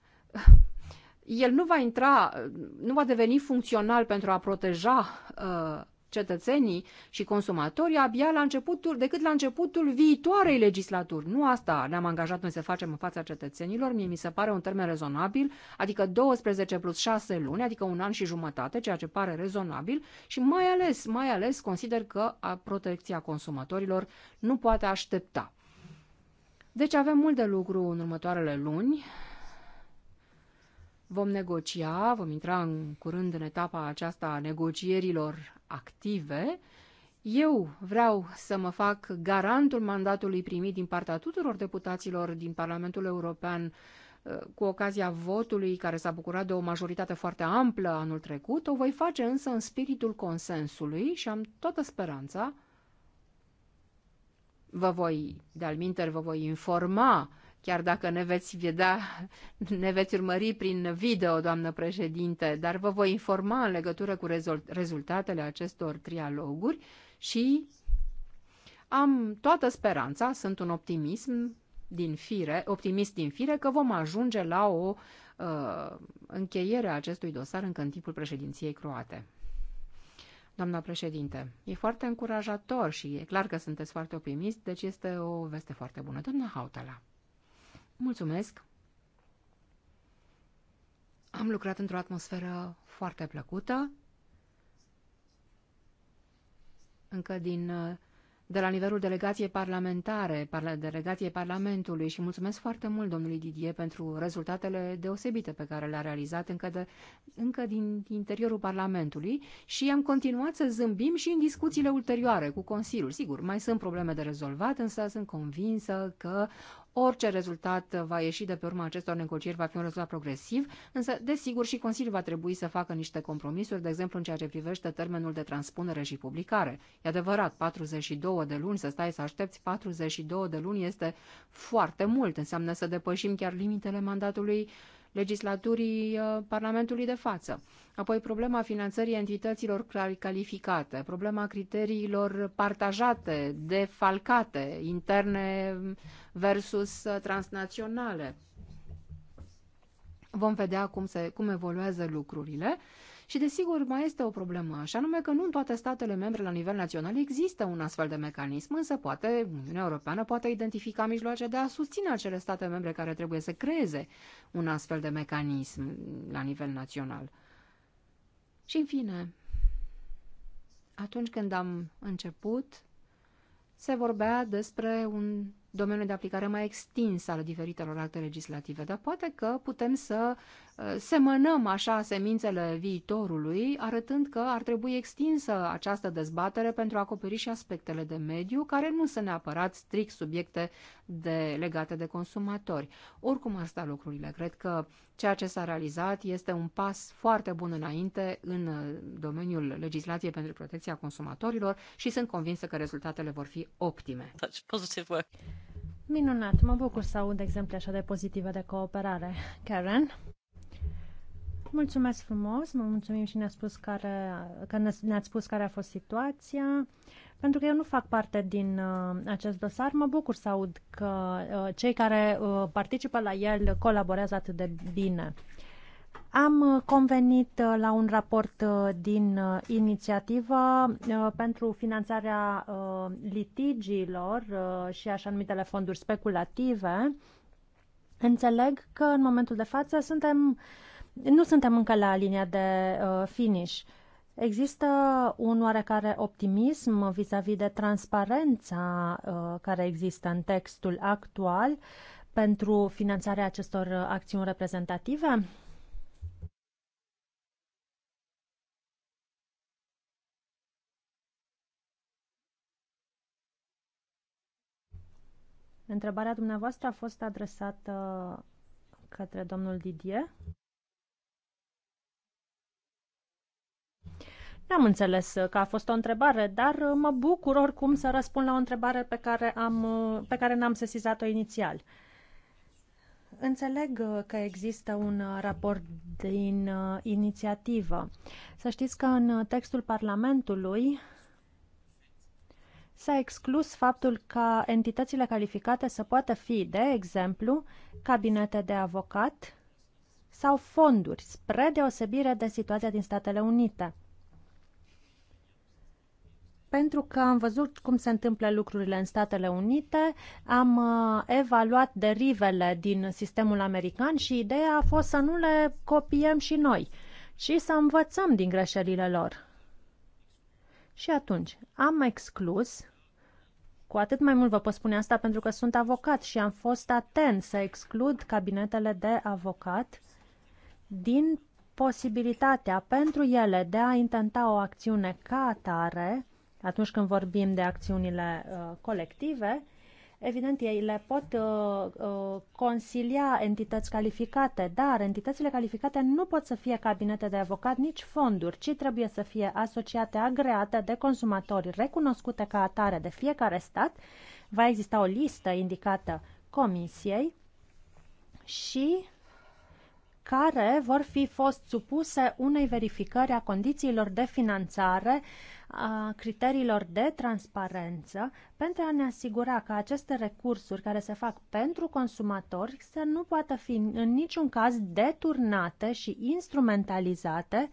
el nu va intra, nu va deveni funcțional pentru a proteja uh, cetățenii și consumatorii abia la începutul, decât la începutul viitoarei legislaturi. Nu asta ne-am angajat noi să facem în fața cetățenilor, mie mi se pare un termen rezonabil, adică 12 plus 6 luni, adică un an și jumătate, ceea ce pare rezonabil și mai ales, mai ales consider că protecția consumatorilor nu poate aștepta. Deci avem mult de lucru în următoarele luni. Vom negocia, vom intra în curând în etapa aceasta a negocierilor active. Eu vreau să mă fac garantul mandatului primit din partea tuturor deputaților din Parlamentul European eh, cu ocazia votului care s-a bucurat de o majoritate foarte amplă anul trecut, o voi face însă în spiritul consensului și am toată speranța Vă voi, de-al vă voi informa, chiar dacă ne veți vedea, ne veți urmări prin video, doamnă președinte, dar vă voi informa în legătură cu rezultatele acestor trialoguri și am toată speranța, sunt un optimism din fire, optimist din fire că vom ajunge la o uh, încheiere a acestui dosar încă în timpul președinției croate doamna președinte. E foarte încurajator și e clar că sunteți foarte optimist, deci este o veste foarte bună. Doamna Hautala, mulțumesc! Am lucrat într-o atmosferă foarte plăcută, încă din uh, de la nivelul delegației parlamentare, delegației Parlamentului și mulțumesc foarte mult domnului Didier pentru rezultatele deosebite pe care le-a realizat încă, de, încă din interiorul Parlamentului și am continuat să zâmbim și în discuțiile ulterioare cu Consiliul. Sigur, mai sunt probleme de rezolvat, însă sunt convinsă că Orice rezultat va ieși de pe urma acestor negocieri va fi un rezultat progresiv, însă, desigur, și Consiliul va trebui să facă niște compromisuri, de exemplu, în ceea ce privește termenul de transpunere și publicare. E adevărat, 42 de luni, să stai să aștepți 42 de luni este foarte mult, înseamnă să depășim chiar limitele mandatului uh, legislaturii uh, Parlamentului de față. Apoi problema finanțării entităților calificate, problema criteriilor partajate, defalcate, interne versus uh, transnaționale. Vom vedea cum, se, cum evoluează lucrurile și desigur mai este o problemă, și anume că nu în toate statele membre la nivel național există un astfel de mecanism, însă poate Uniunea Europeană poate identifica mijloace de a susține acele state membre care trebuie să creeze un astfel de mecanism la nivel național. Și în fine, atunci când am început, se vorbea despre un domeniul de aplicare mai extins al diferitelor acte legislative, dar poate că putem să uh, semănăm așa semințele viitorului, arătând că ar trebui extinsă această dezbatere pentru a acoperi și aspectele de mediu, care nu sunt neapărat strict subiecte de, legate de consumatori. Oricum asta lucrurile, cred că Ceea ce s-a realizat este un pas foarte bun înainte în uh, domeniul legislației pentru protecția consumatorilor și sunt convinsă că rezultatele vor fi optime. Minunat, mă bucur să aud exemple așa de pozitive de cooperare. Karen? Mulțumesc frumos, mă mulțumim și ne-a spus care, că ne-ați spus care a fost situația. Pentru că eu nu fac parte din uh, acest dosar, mă bucur să aud că uh, cei care uh, participă la el colaborează atât de bine. Am uh, convenit uh, la un raport uh, din inițiativă pentru finanțarea litigiilor și așa numitele fonduri speculative. Înțeleg că în momentul de față suntem, nu suntem încă la linia de finish. Există un oarecare optimism vis-a-vis -vis de transparența uh, care există în textul actual pentru finanțarea acestor acțiuni reprezentative? Întrebarea dumneavoastră a fost adresată către domnul Didier. N-am înțeles uh, că a fost o întrebare, dar uh, mă bucur oricum să răspund la o întrebare pe care, am, uh, pe care n-am sesizat-o inițial. Înțeleg că există un raport din inițiativă. Să știți că în textul Parlamentului s-a exclus faptul ca entitățile calificate să poată fi, de exemplu, cabinete de avocat sau fonduri, spre deosebire de situația din Statele Unite pentru că am văzut cum se întâmplă lucrurile în Statele Unite, am uh, evaluat derivele din sistemul american și ideea a fost să nu le copiem și noi și să învățăm din greșelile lor. Și atunci am exclus, cu atât mai mult vă pot spune asta pentru că sunt avocat și am fost atent să exclud cabinetele de avocat din posibilitatea pentru ele de a intenta o acțiune ca atare atunci când vorbim de acțiunile uh, colective, Evident, ei le pot uh, uh, consilia entități calificate, dar entitățile calificate nu pot să fie cabinete de avocat, nici fonduri, ci trebuie să fie asociate, agreate de consumatori, recunoscute ca atare de fiecare stat. Va exista o listă indicată comisiei și care vor fi fost supuse unei verificări a condițiilor de finanțare, a criteriilor de transparență, pentru a ne asigura că aceste recursuri care se fac pentru consumatori să nu poată fi în niciun caz deturnate și instrumentalizate.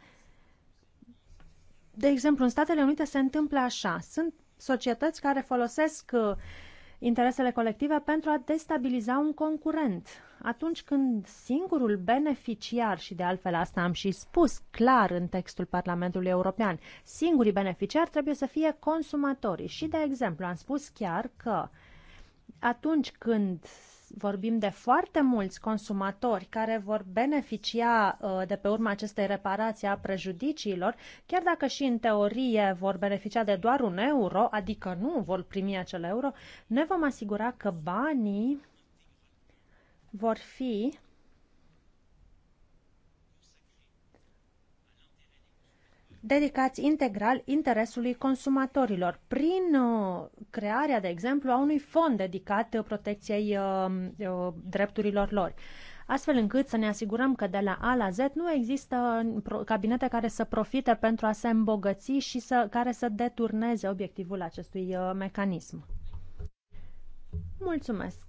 De exemplu, în Statele Unite se întâmplă așa. Sunt societăți care folosesc uh, interesele colective pentru a destabiliza un concurent atunci când singurul beneficiar, și de altfel asta am și spus clar în textul Parlamentului European, singurii beneficiari trebuie să fie consumatorii. Și, de exemplu, am spus chiar că atunci când vorbim de foarte mulți consumatori care vor beneficia uh, de pe urma acestei reparații a prejudiciilor, chiar dacă și în teorie vor beneficia de doar un euro, adică nu vor primi acel euro, ne vom asigura că banii vor fi dedicați integral interesului consumatorilor prin uh, crearea, de exemplu, a unui fond dedicat uh, protecției uh, drepturilor lor astfel încât să ne asigurăm că de la A la Z nu există cabinete care să profite pentru a se îmbogăți și să, care să deturneze obiectivul acestui mecanism. Mulțumesc!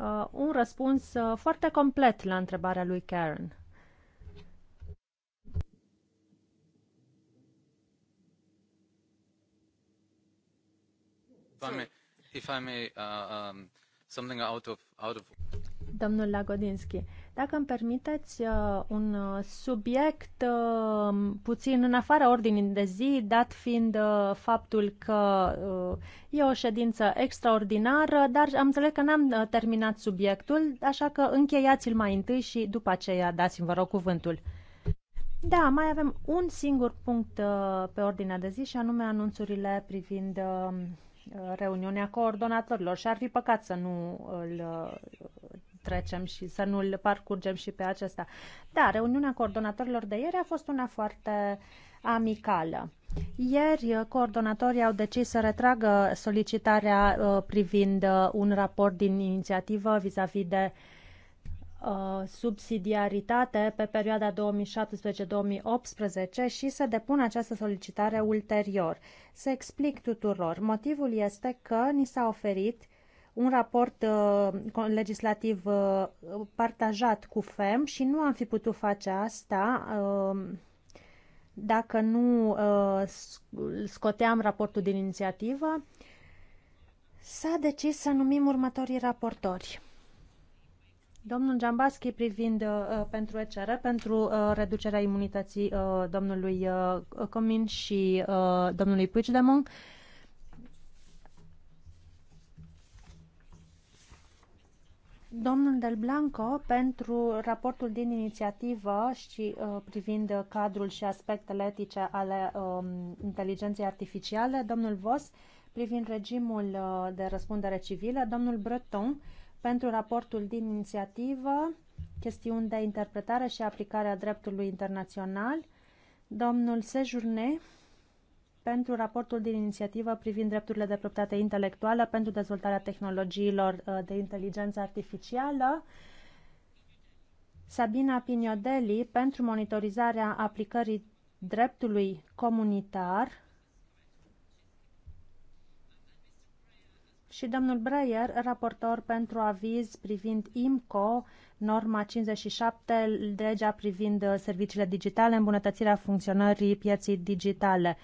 uh, un răspuns uh, foarte complet la întrebarea lui Karen. If I may, if I may uh, um, something out of, out of... Domnul Lagodinski, uh, dacă îmi permiteți uh, un uh, subiect uh, puțin în afara ordinii de zi, dat fiind faptul că e o ședință extraordinară, dar am înțeles că n-am terminat subiectul, așa că încheiați-l mai întâi și după aceea dați-mi, vă rog, cuvântul. Da, mai avem un singur punct pe ordinea de zi și anume anunțurile privind reuniunea coordonatorilor și ar fi păcat să nu îl trecem și să nu-l parcurgem și pe acesta. Da, reuniunea coordonatorilor de ieri a fost una foarte amicală. Ieri, coordonatorii au decis să retragă solicitarea uh, privind uh, un raport din inițiativă vis-a-vis -vis de uh, subsidiaritate pe perioada 2017-2018 și să depună această solicitare ulterior. Să explic tuturor. Motivul este că ni s-a oferit un raport uh, legislativ uh, partajat cu FEM și nu am fi putut face asta uh, dacă nu uh, scoteam raportul din inițiativă. S-a decis să numim următorii raportori. Domnul Giambaschi privind uh, uh pentru ECR, pentru uh, reducerea imunității uh, domnului uh, Comin și uh, domnului Puigdemont, uh, Domnul Del Blanco, pentru raportul din inițiativă și uh, privind cadrul și aspectele etice ale uh, inteligenței artificiale, domnul Vos, privind regimul uh, de răspundere civilă, domnul Breton, pentru raportul din inițiativă, chestiuni de interpretare și aplicare a dreptului internațional, domnul Sejourné, pentru raportul din inițiativă privind drepturile de proprietate intelectuală pentru dezvoltarea tehnologiilor uh, de inteligență artificială, Sabina Pignodeli pentru monitorizarea aplicării dreptului comunitar și domnul Breyer, raportor pentru aviz privind IMCO, norma 57, legea privind uh, serviciile digitale, îmbunătățirea funcționării pieței digitale.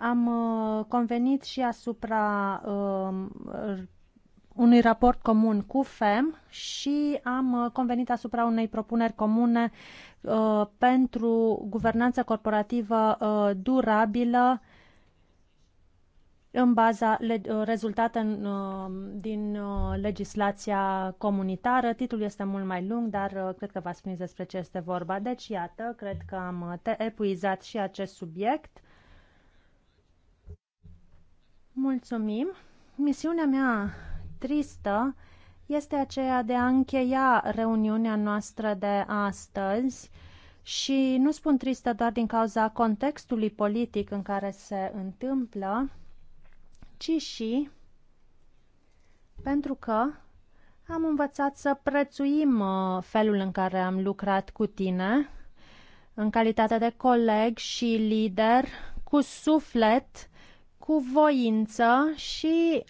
Am uh, convenit și asupra um, unui raport comun cu FEM și am uh, convenit asupra unei propuneri comune uh, pentru guvernanță corporativă uh, durabilă în baza uh, rezultată în, din legislația comunitară. Titlul este mult mai lung, dar cred că v-ați prins despre ce este vorba. Deci, iată, cred că am epuizat și acest subiect. Mulțumim. Misiunea mea tristă este aceea de a încheia reuniunea noastră de astăzi și nu spun tristă doar din cauza contextului politic în care se întâmplă, ci și pentru că am învățat să prețuim uh, felul în care am lucrat cu tine în calitate de coleg și lider cu suflet cu voință și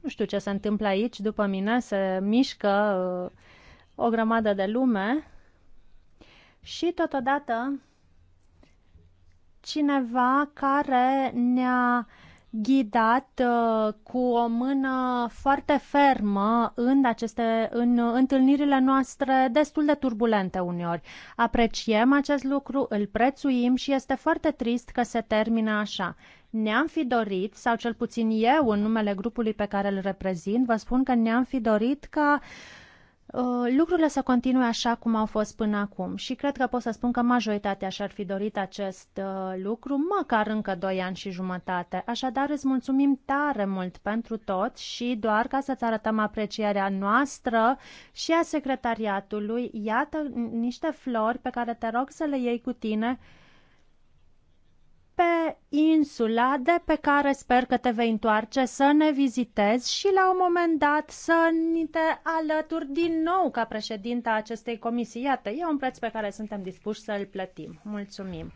nu știu ce se întâmplă aici, după mine se mișcă uh, o grămadă de lume și totodată cineva care ne-a ghidat uh, cu o mână foarte fermă în, aceste, în întâlnirile noastre destul de turbulente uneori. Apreciem acest lucru, îl prețuim și este foarte trist că se termină așa. Ne-am fi dorit, sau cel puțin eu, în numele grupului pe care îl reprezint, vă spun că ne-am fi dorit ca uh, lucrurile să continue așa cum au fost până acum și cred că pot să spun că majoritatea și-ar fi dorit acest uh, lucru, măcar încă 2 ani și jumătate. Așadar, îți mulțumim tare mult pentru tot și doar ca să-ți arătăm aprecierea noastră și a secretariatului, iată niște flori pe care te rog să le iei cu tine pe insula de pe care sper că te vei întoarce să ne vizitezi și la un moment dat să ni te alături din nou ca președinta acestei comisii. Iată, e un preț pe care suntem dispuși să îl plătim. Mulțumim!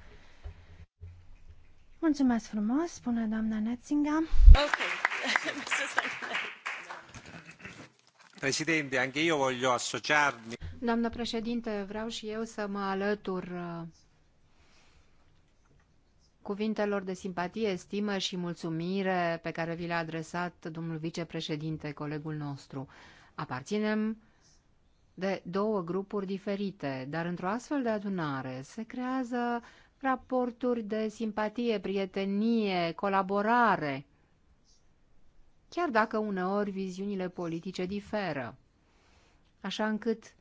Mulțumesc frumos, spune doamna Netzinga. Okay. Președinte, anche io voglio associarmi. Doamnă președinte, vreau și eu să mă alătur uh, cuvintelor de simpatie, stimă și mulțumire pe care vi le-a adresat domnul vicepreședinte, colegul nostru. Aparținem de două grupuri diferite, dar într-o astfel de adunare se creează raporturi de simpatie, prietenie, colaborare, chiar dacă uneori viziunile politice diferă, așa încât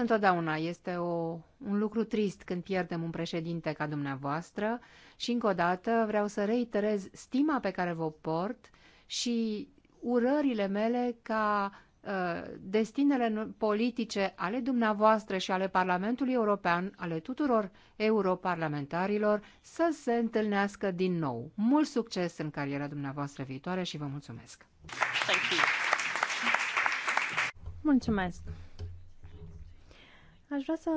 Întotdeauna este o, un lucru trist când pierdem un președinte ca dumneavoastră și încă o dată vreau să reiterez stima pe care vă port și urările mele ca uh, destinele politice ale dumneavoastră și ale Parlamentului European, ale tuturor europarlamentarilor, să se întâlnească din nou. Mult succes în cariera dumneavoastră viitoare și vă mulțumesc! Thank you. Mulțumesc! Aș vrea să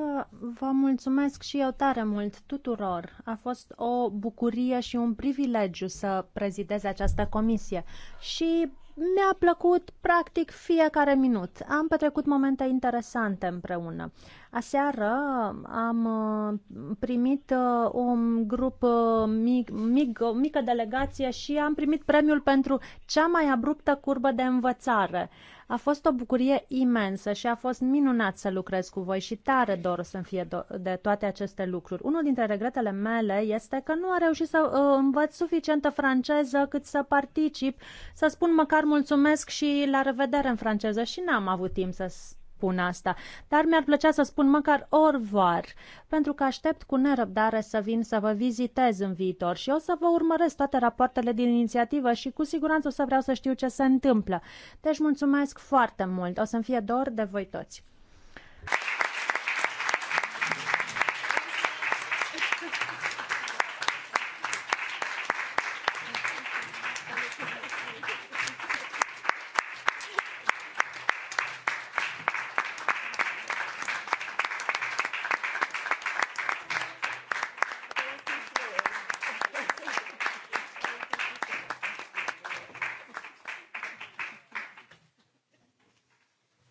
vă mulțumesc și eu tare mult tuturor. A fost o bucurie și un privilegiu să prezidez această comisie și mi-a plăcut practic fiecare minut. Am petrecut momente interesante împreună. Aseară am uh, primit uh, un grup uh, mic, mic, o mică delegație și am primit premiul pentru cea mai abruptă curbă de învățare. A fost o bucurie imensă și a fost minunat să lucrez cu voi și tare dor să-mi fie de toate aceste lucruri. Unul dintre regretele mele este că nu am reușit să uh, învăț suficientă franceză cât să particip, să spun măcar mulțumesc și la revedere în franceză și n-am avut timp să spun asta, dar mi-ar plăcea să spun măcar orvar, pentru că aștept cu nerăbdare să vin să vă vizitez în viitor și o să vă urmăresc toate rapoartele din inițiativă și cu siguranță o să vreau să știu ce se întâmplă. Deci mulțumesc foarte mult, o să-mi fie dor de voi toți.